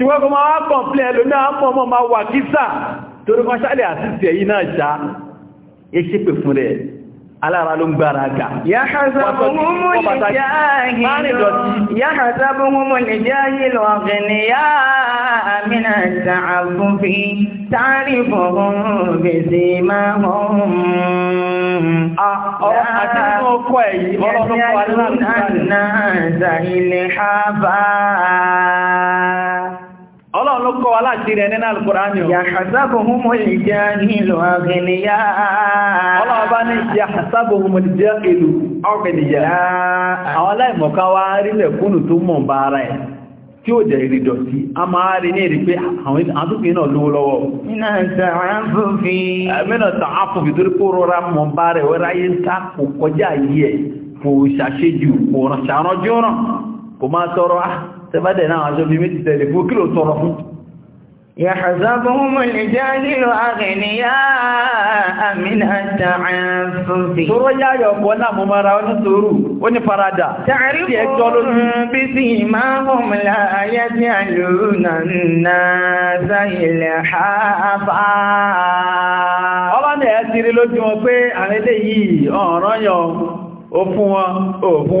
tí wọ́n kọ ma wá kọ̀m̀plẹ̀ ẹlòmí àmọ́ ọmọ ma wà kísà torí kan ṣálẹ̀ àtìsì ẹ̀yí náà ṣá eṣẹ́ pè fún rẹ̀ alára ló ń gbára gà yáhàzábùhùmù lè jáyé lọ ọ̀gbẹ̀ni yá àmìnà tààbùfì tààrífọ̀hùn bèsè máa hùn ọ̀rọ̀ àti ọkọ̀ ẹ̀yí ọlọ́lọ́pọ̀ aláàrùn náà Ọlọ́run ló kọ́ wa láti rẹ̀ nínú Al-Qur'ani. Yahsabuhumul jahilu aghniya. Ọlọ́run bá ní yahsabuhumul jahilu aghniya. Àwọn aláìmọ̀ká wá rílẹ̀ kúnnù tó mọ̀ bá ara ẹ̀ tí ó jẹ́ ìrìdọ̀ sí a máa rí ní èrí pé àwọn àtúkùn náà lówó lọ́wọ́. Iná tààfùfì. Ẹ̀mìnà tààfùfì torí kó rọra mọ̀ bá rẹ̀ wẹ́ráyé ká kò kọjá yìí ẹ̀ kò ṣàṣejù kò ṣàrànjọ́ràn kò máa ah, tẹ́bàdẹ̀ náà aṣọ bí méjì tẹ̀lé fún kí ló tọrọ fún يحسبهم الجاهل أغنياء من التعفف Sọ̀rọ̀ yá yọ̀ pọ̀ náà mo mara ọ ní sùúrù, ó ní farada. Ta'rifuhum bisimahum la yas'aluna an-nasa ilhafa. Ọlọ́nà ẹ̀ ti rí lójú wọn pé àwọn eléyìí ọ̀rọ̀ yọ, ó fún wọn, ó fún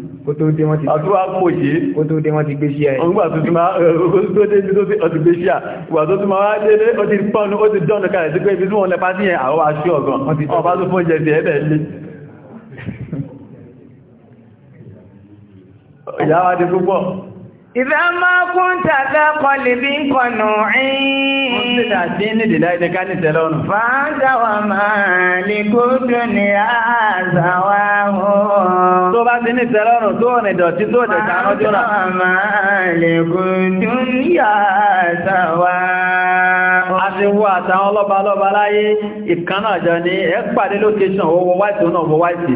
kó tó dé wọ́n ti àtúwà pòṣe kó tó dé wọ́n ti gbé sí ẹ̀ ọgbà tó ti máa tó dé bí tó ti ọti gbé sí à wà tó ti máa wá délé ó ti pọ́nù ó ti dọ́nù kalẹ̀ sí pé ibi tí wọ́n lẹ́pá lé ìyáwá ti Ìfẹ́ máa kún tàbí kọlì bí kọ̀nà ẹ̀yìn. Wọ́n ti dà sí ní ìdílá ìdí ká ní tẹ́lẹ̀ ọ̀nà. Fáńtà wà máa lè kó dùn ní àzàwà hàn. Tó bá ti ní tẹ́lẹ̀ ọ̀nà tó ọ̀nà ìdọ̀tí tó ọ̀dẹ̀ ká ọjọ́ rà. Fáńtà wà máa lè kó dùn ní àzàwà hàn. ti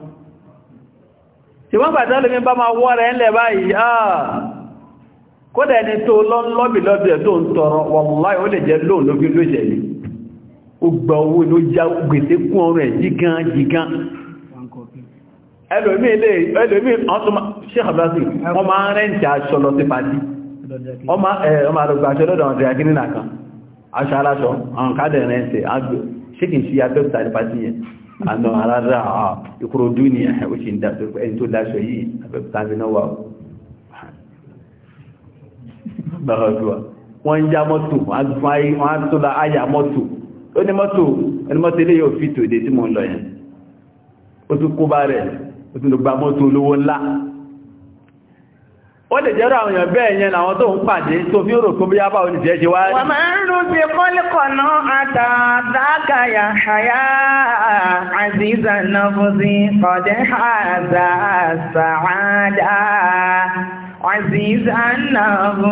ṣùgbọ́n pàtàlù mi bá máa wọ́ rẹ̀ ńlẹ̀ báyìí àà ah, kódà ẹni tó lọ́bìlọ́bì ẹ̀ tó ń tọrọ wàláhì ó lè jẹ́ lóòn ló fi ló jẹ̀lẹ̀ ó gba owó ló já gbèsè kún ọrùn ẹ̀ jígan jígan ẹlòmí wọ́n máa ń rẹ́ǹtì aṣọ lọ sí pàdí ọmọ àrùgbà aṣọ lọ́dọ̀ ọ̀dẹ̀ agínínà kan aṣọ aláṣọ àwọn kádẹ̀ rẹ́ǹtì ṣé kìí ṣe abẹ́kùtà ní pàdí yẹn àná arára ìkòròdú ni ó ṣe ń dá ẹni tó dáṣọ yìí àbẹ̀bẹ̀tàmì náà wà bàbàdùwà wọ́n ń já mọ́tò wọ́n á tó la áyà mọ́tò ó ní mọ́tò ẹni mọ́tò ilé yóò fi tòde tí mo ń lọ yẹn ó tún kó bá rẹ̀ ó tún lọ gba mọ́tò olówó ńlá ó lè jẹ́rọ àwọn èèyàn bẹ́ẹ̀ na àwọn tó ń pàdé tó fi rò kó bíyá báwọn olùjẹ́ ṣe wáyé. wọ́n máa ń rún sí kọ́líkọ̀nà yàhàyà àzíza ọ̀dẹ́ àzíza náà kó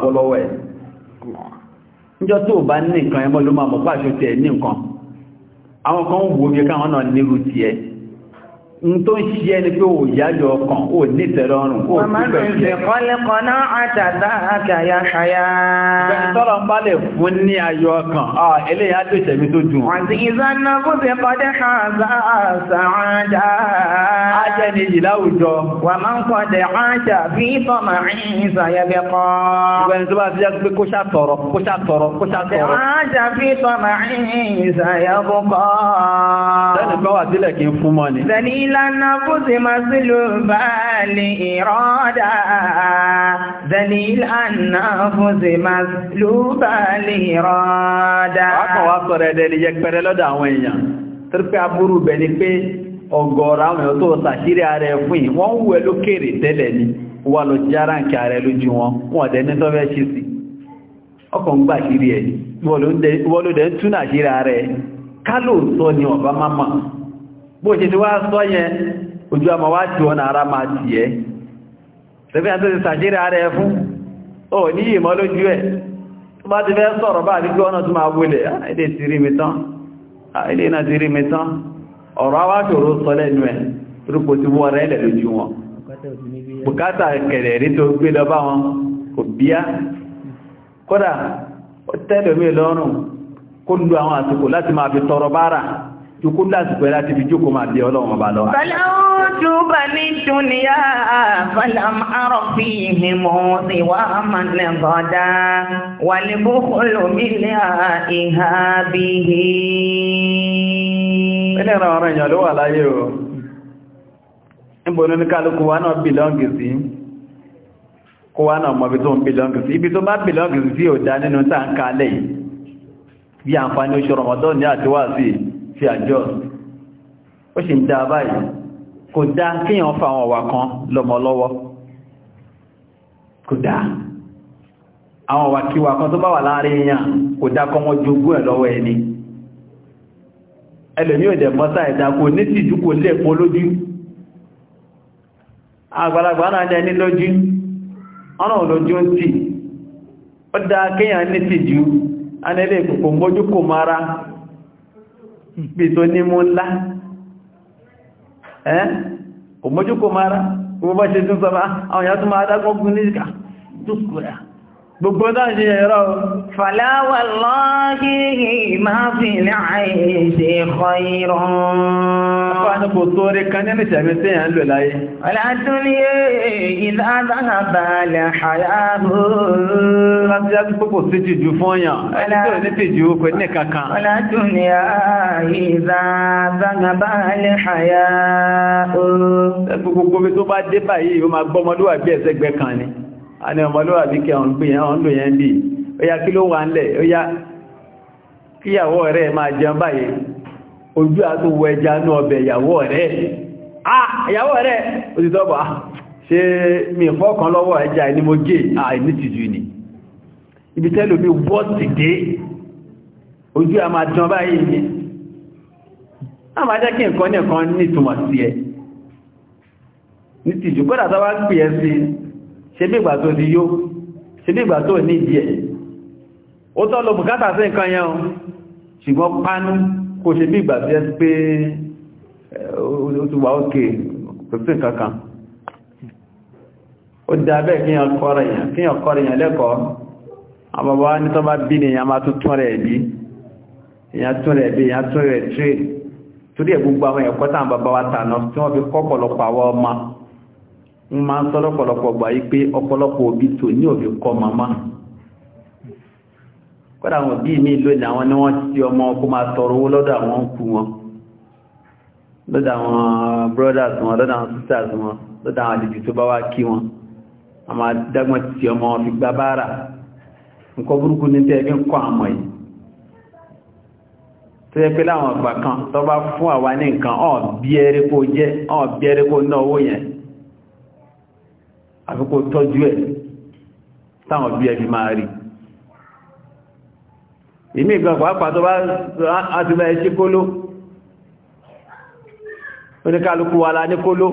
bọ́ lọ́wọ́ ẹ̀ níjọ́ tó bá ní nǹkan ló ní àwọn kan wò bí káwọn náà nírú ti ẹ̀ n tó ń ṣiṣẹ́ ni pé ò yájọ ọkàn ò nítẹ̀lọ́rùn ò pípẹ̀ ṣe. kọ́lẹ́kọ́lá àtàtà àkàyà ṣayá. bẹ́ẹ̀ tọ́rọ ń bá fún ní ayọ̀ ọkàn eléyà tó ìṣẹ̀mí tó dùn. àti ìzánà kó ti kọ́dé ṣàǹsà àṣàǹdà. a jẹ́ ní ìjì láwùjọ. wà máa ń kọ́dé àṣà bí tọ́mà ìṣàyẹ̀bẹ̀ kọ́. ìgbẹ́ni tó bá ti jẹ́ pé kó ṣàtọ̀rọ̀ كل نفس مسلوبة لإرادة ذليل النفس مسلوبة لإرادة Akọ̀ wa sọ̀rọ̀ ẹ̀dẹ̀ ni yẹpẹrẹ lọ́dọ̀ àwọn èèyàn, tírípẹ́ aburú bẹ̀ ni pé ọgọ́rọ̀ àwọn èèyàn tó sàṣírí ààrẹ fún yìí, wọ́n ń wẹ lókèrè tẹ́lẹ̀ ni, wà lọ jára ń kí ààrẹ lójú wọn, wọ́n dẹ̀ ní tọ́fẹ́ ṣí sí. Ọkọ̀ ń gbà ṣírí ẹ̀, wọ́n ló bó ṣe ti wá sọ yẹn ojú àmà wá tí wọn ara máa tì ẹ́ sẹ́fẹ́ àti ti sàjírí ara ẹ fún ọ ní ìmọ̀ lójú ẹ̀ tó bá ti fẹ́ sọ̀rọ̀ bá àti gbé ọ̀nà tó máa wulẹ̀ ah, ilé ti rí mi tán ah, ilé náà ti rí mi tán ọ̀rọ̀ awáṣòro sọ lẹ́nu ẹ̀ rúpo ti wọ́n rẹ̀ lójú wọn bùkátà kẹ̀rẹ̀ rí tó gbé lọ bá wọn kò bíá kódà tẹ́lẹ̀ mi lọ́rùn kó lu àwọn àsìkò láti máa fi tọrọ bára joko lásìkò ẹ̀rá ti fi jókòó máa bí ọlọ́run ọba lọ. Fẹ́lẹ́wọ́jú bá ní dúnìyà fẹ́lẹ́m àròfin ìhìnmọ́ ti wá mọ̀nà gọ́dá wà ní bókó lómìnira ìhà bìhì. Ilé ló wà láyé o. Níbo ní kálukú wa náà bìlọ́ǹgì sí? Kó wa náà mọ̀ ibi tó ń bìlọ́ǹgì sí. Ibi tó bá bìlọ́ǹgì sí ò dá nínú táǹkà lẹ́yìn. Bí àǹfààní oṣù Rọ̀mọ́dọ́ ní àdúwà sí i. ti àjọ ó sì ń dá báyìí kò dá kíyàn fa àwọn ọ̀wà kan lọ́mọ kò dá àwọn ọ̀wà kíwà kan tó bá wà láàrin èèyàn kò dá kọ́ wọ́n jogún ẹ̀ lọ́wọ́ ẹni ẹlòmí ní lè pọ́ mara ìpè tó ní mú ńlá ẹ́ kò mọ́jú kò mara gbogbo bá ṣe tún sọ ah, àwọn ìyá tó máa dágbọ́gbùn ní ìkà tó kúrẹ̀ gbogbo dáṣe ẹ̀rọ fàláwàláhì máa fi láàáyé ṣe ẹ̀kọ́ ìrọ̀ fàánù kò tó rí kan nínú ìṣẹ̀mí tí èyàn lò láyé alátúnlé ìdádáàbà lẹ́hàyàbò láti yàtí púpọ̀ sí jìjú a ní ọmọlúwà bí kẹ́ ọ̀n lò yẹn bí ó yá kí ló wà ńlẹ̀ ó yá kíyàwó rẹ̀ máa jẹun báyìí ojú àti wọ ẹja ní ọbẹ̀ ìyàwó rẹ̀ ah ìyàwó rẹ̀ ó ti tọ́bọ̀ ah ṣe mi fọ́kàn lọ́wọ́ ẹja ní mo ni ibi tẹ́lò bí wọ́ ti dé ojú a máa ni a máa jẹ́ kí nǹkan ní ṣe bí ìgbà tó ti yó ṣe bí ìgbà tó ní ìdí ẹ̀ ó tọ́ lọ bùkátà sí nǹkan yẹn o ṣùgbọ́n pánú kò ṣe bí ìgbà tí ẹ pé eh, ó ti wà ókè kò sí nǹkan kan ó dá bẹ́ẹ̀ kíyàn kọ́rọ̀ èèyàn lẹ́kọ̀ọ́ àwọn ní tọ́ bá bí ní èèyàn máa tún tún rẹ̀ bí èèyàn tún rẹ̀ ń máa ń yi lọ́pọ̀lọpọ̀ gbà yí pé ọ̀pọ̀lọpọ̀ òbí tò ní òbí kọ́ kọ́dà àwọn òbí mi lónìí àwọn ni wọ́n ti ọmọ kó máa tọrọ owó lọ́dọ̀ àwọn ń wọn lọ́dọ̀ àwọn brothers wọn lọ́dọ̀ àwọn sisters wọn lọ́dọ̀ àwọn àlejò tó bá wá kí wọn ti ọmọ fi gbá bára nǹkan burúkú ní tẹ́ ẹgbẹ́ kọ́ àmọ́ yìí tó yẹ pé láwọn kan tó bá fún àwa ní nǹkan ọ̀ àfikò tọ́jú ẹ̀ táwọn bí ẹbí máa rí ìmí ìgbà pàápàá tó bá ti bá ẹṣí kóló oníkálukú wà lá ní kóló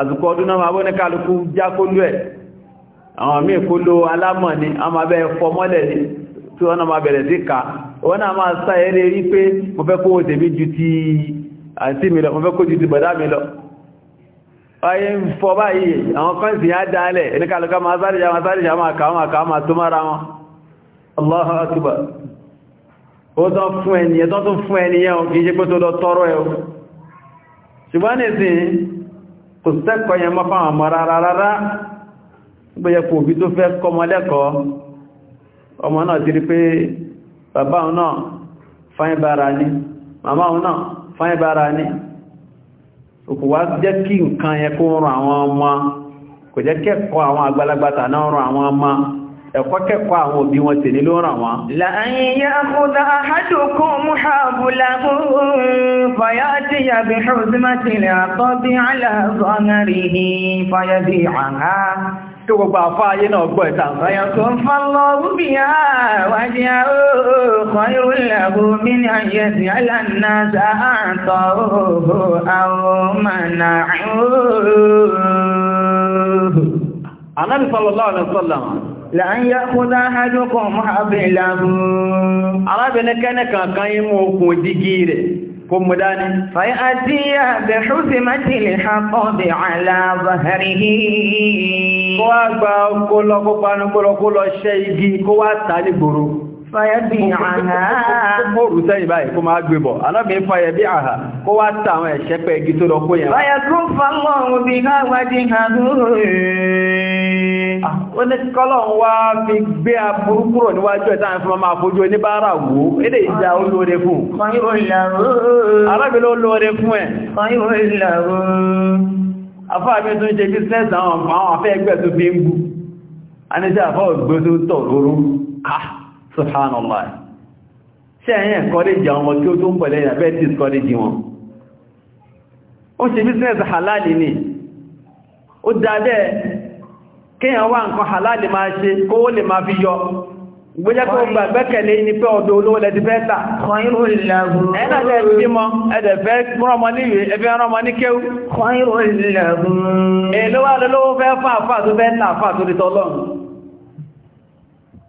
àsìkò ọdún náà máa oníkálukú já kóló ẹ̀ àwọn míì kóló alámọ̀ ni a máa bẹ́ fọmọ́lẹ̀ ni tí wọ́n náà máa bẹ̀rẹ̀ sí ká wọ́n náà máa sá eré rí pé mo fẹ́ kó ayé ń fọ báyìí àwọn kan sì á dálẹ̀ ẹnikàlùkà máa sáré jà máa sáré jà máa kà máa kà máa tó mára wọn Allahu Akbar ó tán fún ẹniyẹ tán tún fún ẹniyẹ o kìí ṣe pé tó lọ tọrọ ẹ o ṣùgbọ́n nìsìn kò sẹ́kọ̀ọ́ yẹn mọ́ fáwọn ọmọ rárá rárá gbẹ́yẹ kò bí tó fẹ́ kọmọ lẹ́kọ̀ọ́ ọmọ náà ti rí pé bàbá òun náà fáyín bára ní màmá òun náà fáyín bára ní kò wá jẹ́ kí nǹkan yẹn kó rún àwọn ọmọ kò jẹ́ kẹ́kọ̀ọ́ àwọn àgbàlagbà tàná rún àwọn ọmọ ẹ̀kọ́ kẹ́kọ̀ọ́ àwọn òbí wọn tè ló ràn wọ́n. láàyè tó gbogbo àfá ayé náà gbọ́ ìta ọ̀yàn tó ń fà lọ gúbì àwájí àwòkọ́ ìrúlẹ̀bù mínú àyẹ̀sì alànà sàáàtọ̀ àwòmànà Ànábì sallallahu alaihi wasallam láàrín yá kó dáhájú kan mọ́ àbìlàbù. Arábìnrin kẹ́nìkan kó mú dání. fàyàtíyà bẹ̀ ṣúsì máti lè ṣàkọ́ bí aláàbàhárí kó wá gba kó lọ kó panú kó lọ kó lọ ṣẹ́ igi kó wá tà ní gbòòrò Mọ́rù sẹ́yìn báyìí kó máa gbébọ̀, alábìnrin fàyẹ̀ kó wá tà àwọn ẹ̀ṣẹ́ pẹ̀ igi tó lọ kó yẹn. Báyẹ̀ tó fàlọ́run bí Ó ní kọ́lọ̀ wá fi gbé aburúkúrò níwájú ẹ̀ táwọn máa fojú oníbàárà wò, ìjà olóore fún. olóore fún ẹ̀. tó ń ṣe àwọn ẹgbẹ́ tó fi ń bú. A subhanallah ṣe ẹ̀yẹn kọ́lẹ́jì àwọn ọmọ kí ó tó ń pẹ̀lẹ̀ ìyàbẹ́tì kọ́lẹ́jì wọn ó ṣe business halali ni ó dáadẹ́ kíyàn wá nǹkan halali máa ṣe kó ó lè máa fi yọ gbẹ́jẹ́ tó gbà gbẹ́kẹ̀lé ní pé ọdọ̀ olówó lẹ́ti fẹ́ tà ẹ̀nàjẹ́ ìbímọ ẹ̀dẹ̀ fẹ́ rọmọ ní ìwé ẹ̀fẹ́ rọmọ ní kéwú èlówà lọ́wọ́ fẹ́ fà fà tó fẹ́ tà fà tó lè tọ́lọ́run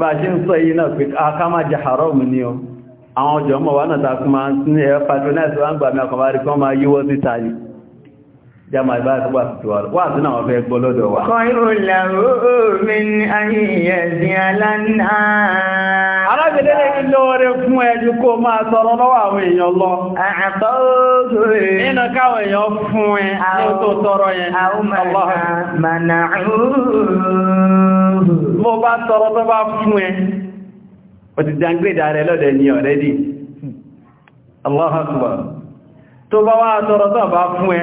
bá ṣe ń sọ yìí náà pé aká ah, máa jẹ haram ní o àwọn ọjọ́ mọ̀ wá náà tàbí máa ní ẹ̀ patronize wá ń gbà mẹ́kànlá rí kán máa yíwọ́ síta yìí jama ìbá tó wà tó wà tó náà fẹ́ gbọ́ lọ́dọ̀ wa. kọ́ìrùlàwó mi ní ayẹyẹ sí aláǹdà. arábìnrin lè ní lóore fún ẹjú kó máa sọ̀rọ̀ lọ́wọ́ àwọn èèyàn lọ. àtọ́gbò rẹ̀. nínú káwọn èèyàn fún ẹ ní tó tọrọ yẹn. àwọn mànà mo bá tọrọ tó bá fún ẹ. o ti dangbèdà rẹ lọ́dẹ̀ ní ọ̀rẹ́dì. Allahu akbar. tó bá wá tọrọ tó bá fún ẹ.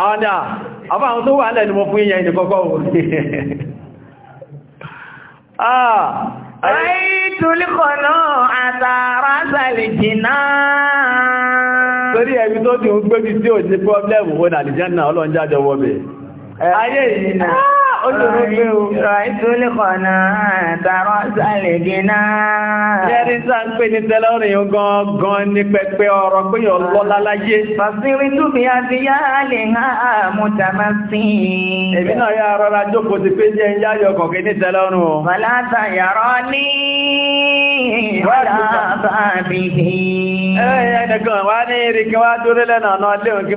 àwọn ni àbá àwọn tó wà nílẹ̀ ni mo fún yíyan ìdíkọ́kọ́ òun Torí ẹ̀bí tó ti ń gbé bí tí ò ní pọ́blẹ̀mù ó nà àlìjẹ́ náà ọlọ́njájọ wọ́bẹ̀. Ayé ìrìnà olùrúgbé òkúrọ̀ ìtòlẹ́kọ̀ọ́nà àtàrọ̀ sàlẹ̀gínà. Yẹ́rí sáà ń pè ní tẹ́lọ́rìn gangan ní pẹpẹ ọ̀rọ̀ pé yọ lọ́lá láyé. Fàṣírí túbí àti yá lè ha àmútàmá sí. Èmi náà yá rọra jókòó ti pé jẹ́ yá yọ kọ̀kẹ́ ní tẹ́lọ́rùn o. Fàlátà yàrá ní ìwádàbàbìhì. Ẹ̀rẹ́ ẹnìkan wá ní ìrìnkí wá dúró lẹ́nà náà léhùn kí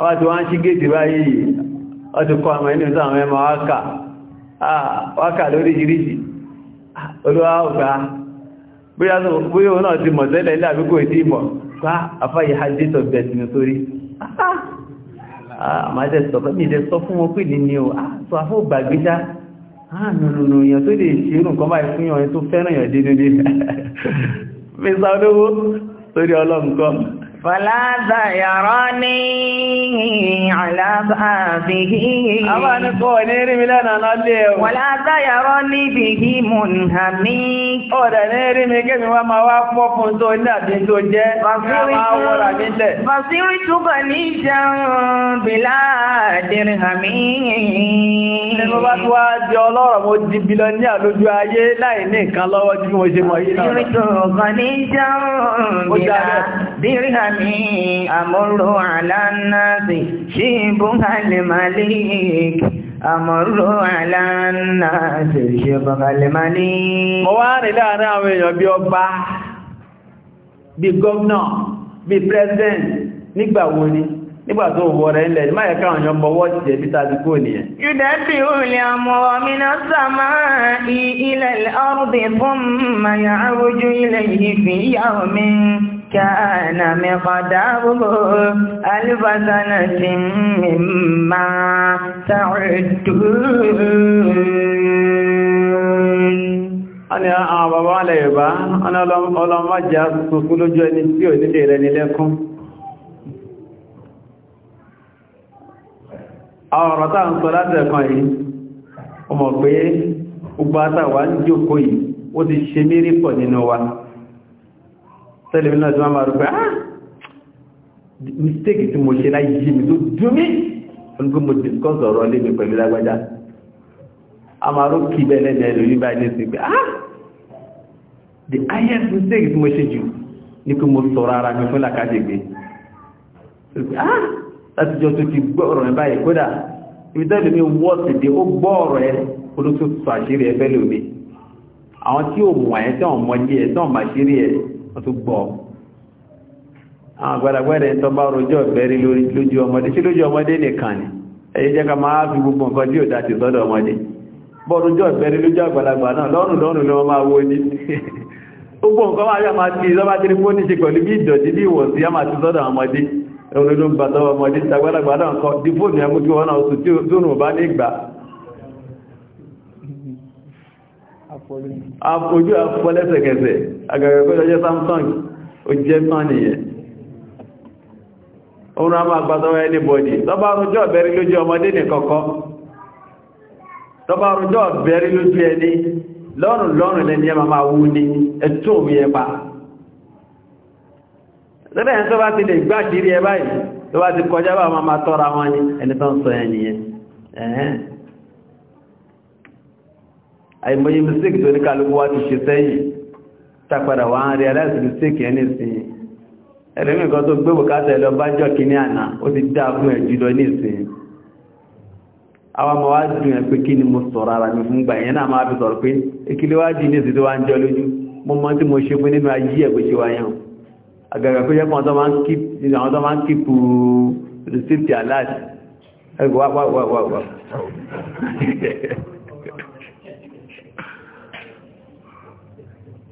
àwọn tí wọ́n ń ṣí gẹ́ẹ̀tì báyìí ọdún kọ àmà inú àwọn ẹmọ wákà wákà lóríṣìíríṣìí olúwa ọ̀gá bóyá òun náà ti mọ̀ tẹ́lẹ̀ ilé àbíkò ìdí ìmọ̀ pa àfáyí hajjẹ́tọ̀ bẹ̀ẹ̀tì nítorí àmájẹ́ sọ̀fẹ́ mi jẹ́ sọ fún wọn pè ní ni o àtọ́ àfọ́ gbàgbíjá ààrùn èèyàn tó lè ṣe irun kan báyìí fún yàn tó fẹ́ràn yàn dédédé mi sá olówó torí ọlọ́nkọ́ Fàlàdà yàrá ní àlàbàbìhì. A máa ní kọ́ ní rí mi lẹ́nà lọ́lé o. Wàlàdà yàrá ní bìhì mùnhàmí. Ó dẹ̀ ní rí mi kémi wá máa wá pọ́ fún tó ní àbí tó jẹ́. Fàṣírí túbọ̀ ní jẹun bìlá dìrìhàmí. Ní mo bá tí wá di ọlọ́rọ̀ mo di bilọ ní àlójú ayé láì ní nǹkan lọ́wọ́ tí mo ṣe mọ̀ yìí náà. Fàṣírí túbọ̀ ní jẹun bìlá dìrìhàmí. إنني أمر على الناس شبه المليك أمر على الناس شبه المليك mo wá rìn láàrin àwọn èèyàn bí ọba bí gómìnà bí president nígbà wo ni nígbà tó wọ rẹ̀ ńlẹ̀ máa yẹ káwọn yọmọ wọ́ ti jẹ́ bíta dúkò nìyẹn. yùdẹ́bì olè àmọ́ ọmọmìnà sàmà ilẹ̀ ọ̀rùn fún mayà àrójú ilẹ̀ yìí fi yàwó mi كان مقداره ألف سنة مما تعدون Ani àwọn bàbá alẹ́ Yorùbá, ọ̀nà ọlọ́mọ́já kùkú lójú ẹni tí ò nílé rẹ̀ nílẹ́kún. Àwọn ọ̀rọ̀ táà ń sọ láti ẹ̀kan yìí, ọmọ pé gbogbo àtàwà ń jókòó yìí, ó ti ṣe mérí pọ̀ nínú wa tẹ́lẹ̀mí náà tí wọ́n máa rúgbẹ́ ah mistake tí mo ṣe láyé yìí mi tó dùn mí olùgbé mo discuss ọ̀rọ̀ lé mi pẹ̀lú lágbájá a máa ró kí bẹ́ẹ̀ lẹ́nu ẹ̀lú yìí báyìí nísìn pé ah the highest mistake tí mo ṣe jù ní pé mo sọ̀rọ̀ ara mi fún làkàṣègbè ah láti jọ tó ti gbọ́ ọ̀rọ̀ yẹn báyìí kódà ibi tẹ́lẹ̀ mi wọ́ sí de ó gbọ́ ọ̀rọ̀ ẹ olóṣù sọ àṣírí ẹ fẹ́ lómi àwọn tí ò mọ̀ ẹ́ tí mọ̀ yé ẹ tí wọ́n mọ̀ wọ́n tó gbọ́ àwọn àgbàlagbàlẹ̀ tó bá rojọ́ bẹ̀rí lójú ọmọdé sí lójú ọmọdé nìkan ni ẹ̀yẹ jẹ́ ká máa fi gbogbo nǹkan tí ò dá ti sọ́dọ̀ ọmọdé bọ́rùjọ́ bẹ̀rí lójú àgbàlagbà náà lọ́rùn lọ́rùn lọ máa wo ní gbogbo nǹkan máa yá máa ti lọ́bá tí ó ní ṣe pẹ̀lú bí ìdọ̀tí bí ìwọ̀sí ojú afọ́ lẹ́sẹ̀kẹsẹ̀ agagagọ́ lọ́jọ́ samsung ó jẹ́ sánìyàn oòrùn a máa gbàtọ́wọ́ anybody tọ́bá rújọ́ bẹ̀rí lójú ọmọdé nìkọ́kọ́ tọ́bá rújọ́ bẹ̀rí lójú ẹni lọ́rùn lọ́rùn lẹ́ni ẹmà máa wú ní ẹ̀tọ́ mi ẹpa lẹ́bẹ̀ ẹni tó bá ti lè gbá kiri ẹ báyìí tó bá ti kọjá bá máa tọ́ra wọn ni ẹni tó ń sọ ẹni yẹn àìmọye mistake tó ní kálukú wá ti ṣe sẹ́yìn tàpadà wà ń rí aláìsí mistake ẹni sí ẹlẹ́mì kan tó gbé bùkátà ẹ̀lọ bá jọ kìíní àná ó ti dá fún ẹ̀jú lọ ní ìsìn àwọn ọmọ wá dùn ẹ̀ pé kí ni mo sọ̀rọ̀ ara mi fún gbà yẹn náà máa fi sọ̀rọ̀ pé ìkílé wá dì ní ìsìn tó wá ń jọ lójú mo mọ tí mo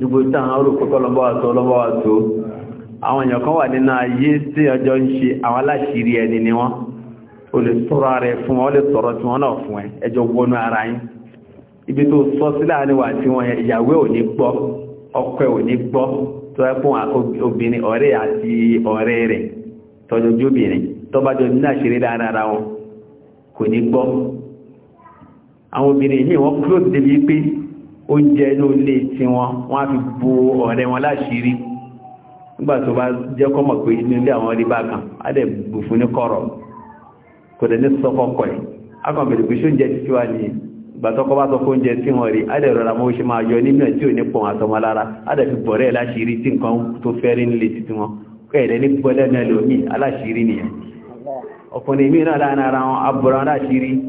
gbogbo táwọn olùkọ́kọ́ lọ́bọ́ àtọ́ lọ́bọ́ àtọ́ àwọn èèyàn kan wà nínú ayé tí ọjọ́ ń ṣe àwọn aláṣìírí ẹni ni wọ́n o lè sọ̀rọ̀ rẹ̀ fún wọn lè sọ̀rọ̀ tí wọ́n náà fún ẹ ẹjọ́ ara yín ibi tó sọ sí láàrin wà tí wọ́n ìyàwó ò ní gbọ́ ọkọ ò ní gbọ́ tó ẹ fún obìnrin ọ̀rẹ́ àti ọ̀rẹ́ rẹ̀ tó bá jọ nínú àṣírí wọn kò ní gbọ́ àwọn obìnrin yìí wọ́n oúnjẹ inú ilé tí wọn wọ́n fi bo ọ̀rẹ́ wọn láṣìírí nígbà tó bá jẹ́ kọ́mọ̀ pé inú ilé àwọn bá á dẹ̀ bù fún ní kọ̀rọ̀ kò dẹ̀ ní sọ́kọ́kọ̀ ẹ̀ á kàn pé ṣóúnjẹ ní ìgbà bá sọ fóúnjẹ tí wọ́n rí á dẹ̀ rọra mọ́ ṣe máa yọ tí ò ní pọ̀ á dẹ̀ fi bọ̀rẹ́ tí nǹkan tó fẹ́ rí nílé títí wọn kọ́ ní gbọ́lẹ́ náà nìyẹn ọkùnrin láàárín ara wọn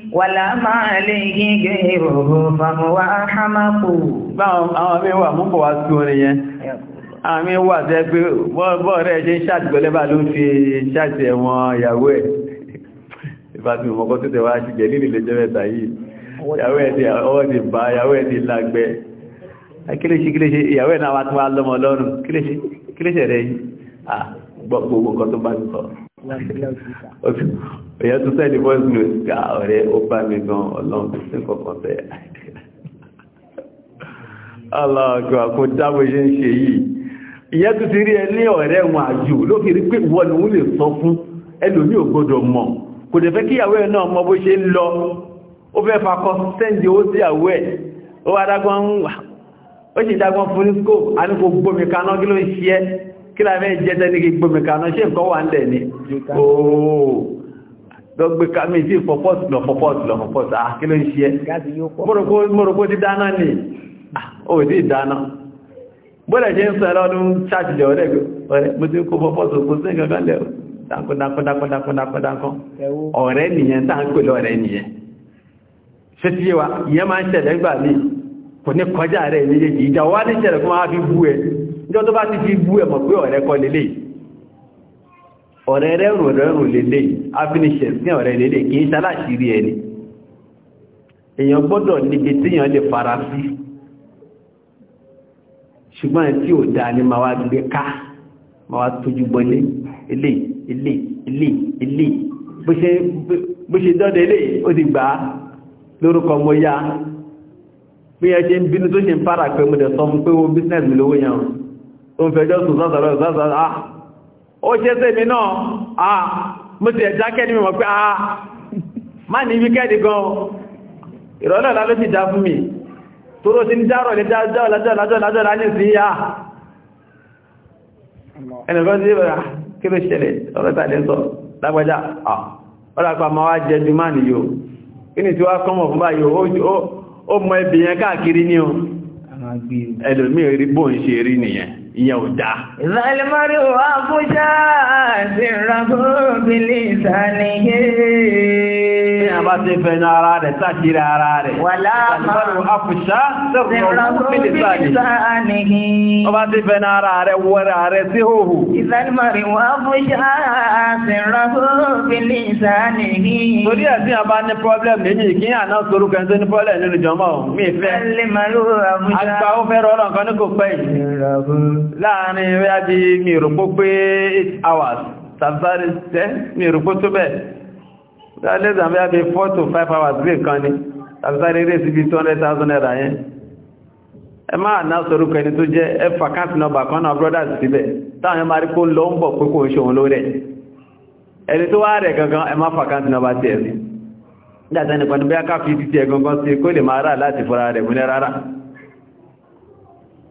wàlá máa lè gígé ìròrò fàmúwà àhámákò. Báwọn àwọn mi wà mú bọ̀ wá sí orin yẹn. Àmì wà tẹ́ pé bọ́ rẹ̀ ṣe ń ṣàtìgbẹ́lẹ́bà ló fi ṣàtì ẹ̀wọ̀n ìyàwó ẹ̀. Ìfàtí ìmọ̀kọ́ tó tẹ̀wà jíjẹ lílì lẹ́jọ́ mẹ́ta yìí. Ìyàwó ẹ̀ ti ọwọ́ ti bá, ìyàwó ẹ̀ ti lágbẹ́. Kíléṣe kíléṣe ìyàwó ẹ̀ náà wá tún wá lọ́mọ lọ́rùn. Kíléṣe rẹ̀ yìí. À gbogbo nǹkan tó bá ń sọ̀rọ̀. Ọ̀yá tó sẹ́ni voice note ká ah, ọ̀rẹ́ ó bá mi gan ọlọ́run tó sí kọ̀kan tẹ́. Aláàkọ̀ àkó dábò ṣe ń ṣe yìí. Ìyẹ́ tó ti rí ẹ ní ọ̀rẹ́ wọn àjò ló fi rí pé wọ́n ni wọ́n lè sọ fún ẹlòmí ò gbọ́dọ̀ mọ̀. Kò dẹ̀ fẹ́ kíyàwó ẹ̀ náà mọ bó ṣe ń lọ. Ó fẹ́ fakọ sẹ́ndì owó sí àwọ̀ ẹ̀. Ó kí ló kí láàmì jẹ́tẹ́ ní gbogbo mẹ́kànà ṣe nǹkan wà ń lẹ̀ ní ooo lọ́gbẹ́ kàmí sí fọ́pọ́tù lọ fọ́pọ́tù lọ fọ́pọ́tù ah kí ló ń ṣe mọ́rọ̀kó ti dáná ní o ah, ti dáná bọ́lẹ̀ ṣe ń sọ ẹlọ́dún ṣáàtìjọ ọ̀rẹ́ mo ti kó fọ́pọ́tù kó sí nǹkan kan lẹ̀ dánkọ́dánkọ́dánkọ́dánkọ́ ọ̀rẹ́ nìyẹn táǹkò lọ́rẹ́ ìjọ tó bá ti fi bú ẹ̀mọ̀ pé ọ̀rẹ́ kọ́ lélẹ̀ ọ̀rẹ́ rẹ̀rùn rẹ̀rùn lélẹ̀ afinisẹ̀ sí ọ̀rẹ́ lélẹ̀ kì í ṣaláṣìírí ẹni èèyàn gbọ́dọ̀ níbi tíyàn lè fara sí ṣùgbọ́n tí ò dáa ni máa wá gbé ká máa wá tójú gbọ́lé ilé ilé ilé ilé bó ṣe dọ́dẹ̀ ilé ó ti gbà lórúkọ mọ́ yá bí ẹ ṣe ń bínú tó ṣe ń fara pé mo dẹ̀ sọ fún pé wo business mi lówó yẹn ó ń fẹjọ́ sùn sásàrọ̀ sásàrọ̀ ah ó ṣe sí mi náà ah mo ti ẹ̀já kẹ́ni mi mọ̀ pé ah má ní wíkẹ́ẹ̀dì gan ìrọ̀lẹ́ ọ̀la ló ti dá fún mi tóró sí ní dárọ̀ lè dájọ́ lájọ́ lájọ́ lájọ́ lájọ́ sí yá ẹnìkan sí ìbẹ̀rẹ̀ kí ló ṣẹlẹ̀ ọlọ́ta lè sọ lágbàjá ọlọ́pàá ma wá jẹ jù máà nìyó kí ni tí wá kọ́mọ̀ fún báyìí ó mọ ẹbìyàn káàkiri ní o ẹlòmí rí bóòn ṣe rí nìyẹn ìyẹn ò dáa. Zalimari wa Abuja ti rago bili saniye. Bí a bá ti fẹ́ ní ara rẹ̀ sáàkiri ara rẹ̀. Wàlá Zalimari wa Abuja ti rago bili saniye. Ó bá ti fẹ́ ara rẹ̀ wọ́rẹ̀ rẹ̀ sí hòhò. Zalimari wa Abuja ti rago bili saniye. Torí ẹ̀ tí a bá ní problem méjì kí n àná sọ̀rọ̀ kan tó ní problem nínú jọmọ́ mi fẹ́. Zalimari wa Abuja. Àgbà ó fẹ́ rọrọ̀ nǹkan ní kò pẹ́ yìí láàrin rẹ̀ bí mi rògbó pé 8 hours tàbí tẹ́ mi rògbó tó bẹ̀ less than bí 4 to 5 hours gbé kan ni tàbí rẹ̀ sí bí 200,000 naira yẹn ẹ máa ná sọ́rúkọ ẹni tó jẹ́ ẹ fàkáǹtì nọmbà kan náà brothers síbẹ̀ táwọn ẹmà rí kó lọ ń bọ̀ pé kò ń ṣe òun lórí ẹni tó wá rẹ̀ gangan ẹ má fàkáǹtì nọmbà tí ẹ̀ sí ìdájẹ́ nìkan ní bí a ká fi títí ẹ̀ gangan sí kó lè máa rà láti fọ́ra rẹ̀ múlẹ̀ rárá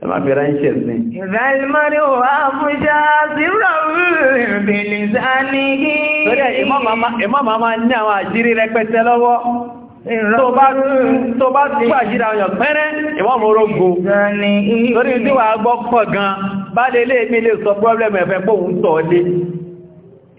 ẹ máa bẹ̀rẹ̀ ń ṣẹ̀sìn. wà tó bá tí àjírí àwọn èèyàn pẹ́rẹ́ ìmọ́mà orógbò lórí tí wà gbọ́ pọ̀ gan bá lè lè mí lè sọ pọ́blẹ́mù ẹ̀fẹ́ pòun tọ̀ọ́lé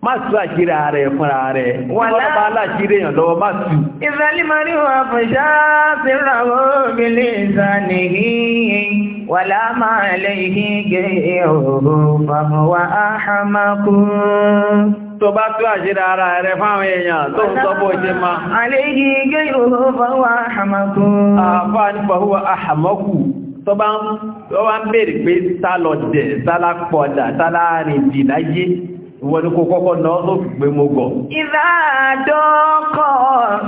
má tú àṣírí ààrẹ fúnra rẹ̀ wọ́n lọ́pàá aláṣírí èèyàn lọ́wọ́ má tú. ìfẹ́lì máa rí wà fún ṣáàfin ràwọ́ obìnrin ìsànì yìí wà láàmà lẹ́yìn gẹ́ ọ̀rọ̀ fàmọ́wà áhàmákú. tó bá tú àṣírí ara rẹ̀ fáwọn èèyàn tó ń sọ bó ṣe máa ìwọ́n ní kò kọ́kọ́ náà ló fi gbé mo gọ̀. ìbádọ́kọ̀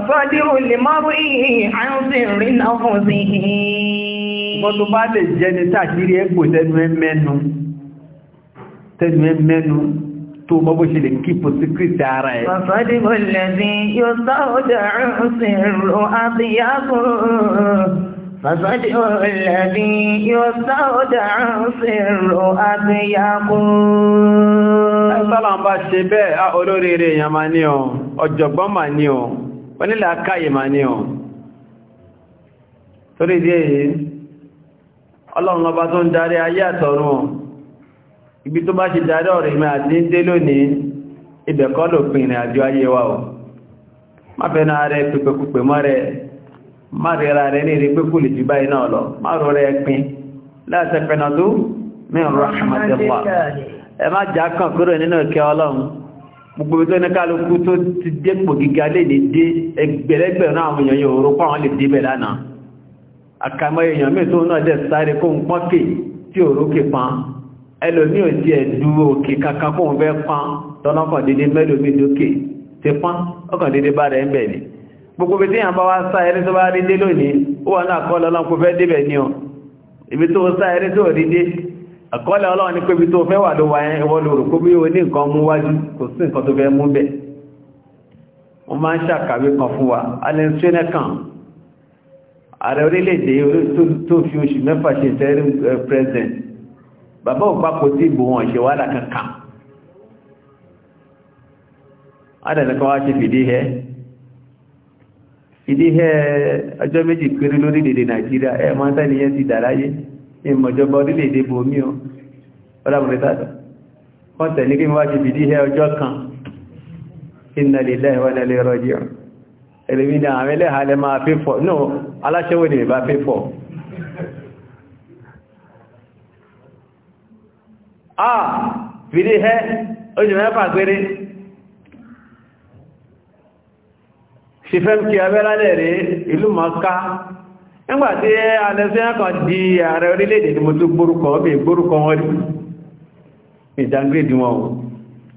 sọ́dí olè mọ́rú ìhìn àrùnsìn rí náà fún sí i. wọ́n tó bá lè jẹ́ ní tàkiri ẹgbò tẹnu ẹ mẹ́nu tẹnu ẹ mẹ́nu tó mọ́ bó ṣe lè kípo sí kìrìtì ara ẹ̀. sọ́dí olè sí ففتح الذي يستودع سر أبيق Ẹ̀sọ́lá ń bá ṣe bẹ́ẹ̀ á olóríire èèyàn máa ní ọ, ọ̀jọ̀gbọ́n máa ní ọ, onílẹ̀ akáyè máa ní ọ. Torí dí èyí, ọlọ́run ọba tó ń darí ayé àtọ̀run, ibi tó bá ṣe darí ọ̀rẹ́ mi àti dé lónìí, ibẹ̀ kọ́ ayé wa Má fẹ́ rẹ̀ mọ́ rẹ̀ má rẹ̀ra rẹ̀ ní ìrẹ́gbé kò lè jù báyìí náà lọ má rọ rẹ̀ pin láti pẹ̀nà tó min rahmatillah ẹ má jà kàn kúrò nínú ìkẹ́ ọlọ́run gbogbo tó ní kálukú tó ti dépò gíga lè ní dé ẹgbẹ̀rẹ́gbẹ̀rún àwọn èèyàn yóò rọ́pọ̀ àwọn lè débẹ̀ lánàá àkàmọ́ èèyàn mí tó náà dẹ̀ sáré kó ń pọ́nkè tí ò rókè pan ẹlòmí ò tí ẹ̀ du òkè kankan kó ń fẹ́ pan tọ́nà kan dédé mẹ́lòmí dókè gbogbo bí tíyàn bá wá sá eré tó bá rí dé lónìí ó wà náà kọ́lọ̀ ọlọ́run kò fẹ́ débẹ̀ ní ọ ibi tó sá eré tó rí dé àkọọ́lẹ̀ ọlọ́run ní pé ibi tó fẹ́ wà ló wà yẹn ìwọ lóòrò kó bí o nǹkan mú wájú kò sí nǹkan tó fẹ́ mú bẹ̀ wọ́n máa ń ṣàkàwé kan fún wa alẹ́sẹ́nẹ́ kan ààrẹ orílẹ̀-èdè tó fi oṣù mẹ́fà ṣe tẹ́rí president bàbá òpapọ̀ tí ìbò wọn ṣe wádà kankan adẹ̀lẹ́kan wá ṣe fìdí ẹ́ ìdí ẹ ọjọ́ méjì péré lórílẹ̀-èdè nàìjíríà ẹ mọ́ sẹ́ni yẹn ti dàráyé ní mọ̀jọba orílẹ̀-èdè bòmí ọ ọlámọ̀rẹ́sàdọ̀ wọ́n tẹ̀lé kí wọ́n ti bìdí ẹ ọjọ́ kan inna lillahi wa inna ilayhi raji'un ẹ̀lẹ́mí ni àwọn ẹlẹ́ha no aláṣẹ́wò ni ìbá ah bìdí ẹ oṣù mẹ́fà péré fífẹ́m kí abẹ́lálẹ̀ rí ìlú mọ́ká nígbàtí alẹ́sẹ́yàn kan di ààrẹ orílẹ̀-èdè ni mo tó gbórúkọ ọbẹ̀ gbórúkọ rí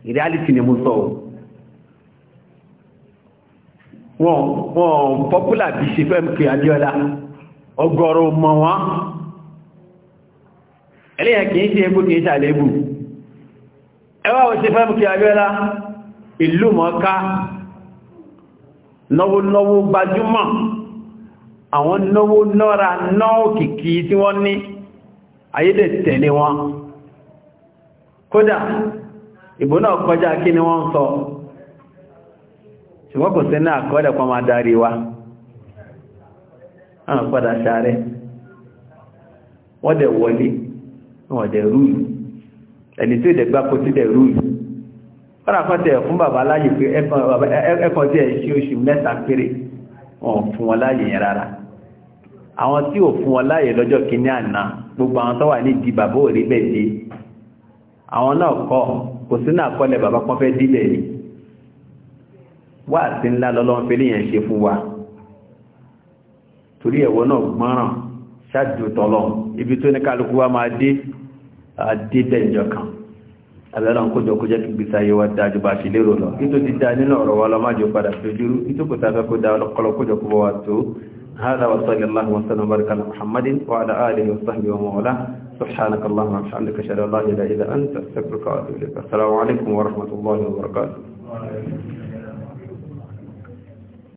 ìrìálìtì ni mo sọ o wọn pọ́pùlà bí fífẹ́m kí ọgọ́rọ̀ wọn ẹlẹ́yàn kìí ṣe ebú kìí ṣàlébù ẹwà náwólọ́wó gbajúmọ̀ àwọn náwó nọ́ra náà kìkì tí wọ́n ní ayédè tẹ̀lé wọn kódà ìbò náà kọjá kí ni wọ́n sọ ṣùgbọ́n kò sí náà kọ́dẹ̀ máa darí wa wọ́n padà ṣàárẹ̀ wọ́n dẹ̀ wọlé wọ́n dẹ̀ rúùlù ẹni tí ó dẹ̀ fọ́nàfọ́n tẹ̀ fún bàbá láyé pé ẹ̀kọ́ tí ẹ̀ ṣe oṣù mẹ́ta péré wọn fún wọn láyé yẹn rárá àwọn tí ò fún wọn láyé lọ́jọ́ kìíní àná gbogbo àwọn tó wà nídìí bàbá ò rí bẹ́ẹ̀ dé àwọn náà kọ kò sí náà kọ́lẹ̀ bàbá kan fẹ́ dílẹ̀ ni wá sí ńlá lọ́lọ́run yẹn ṣe fún wa torí ẹ̀wọ́ náà gbọ́nràn ṣáàdùtọ̀lọ́ ibi tó ní kálukú wa máa dé àdébẹ̀jọ kan àbẹ̀lọ́ kójọ kó jẹ́ kí gbèsè ayé wa dájú bá ṣe lérò lọ kí tó ti dá nínú ọ̀rọ̀ wa lọ́májò padà ṣojúrú kí tó kò tafẹ́ kó dá ọlọ́kọlọ kójọ kó bọ́ wa tó هذا وصلى الله وسلم وبارك على محمد وعلى اله وصحبه ومن والاه سبحانك اللهم وبحمدك اشهد ان لا اله الا انت استغفرك واتوب اليك السلام عليكم ورحمه الله وبركاته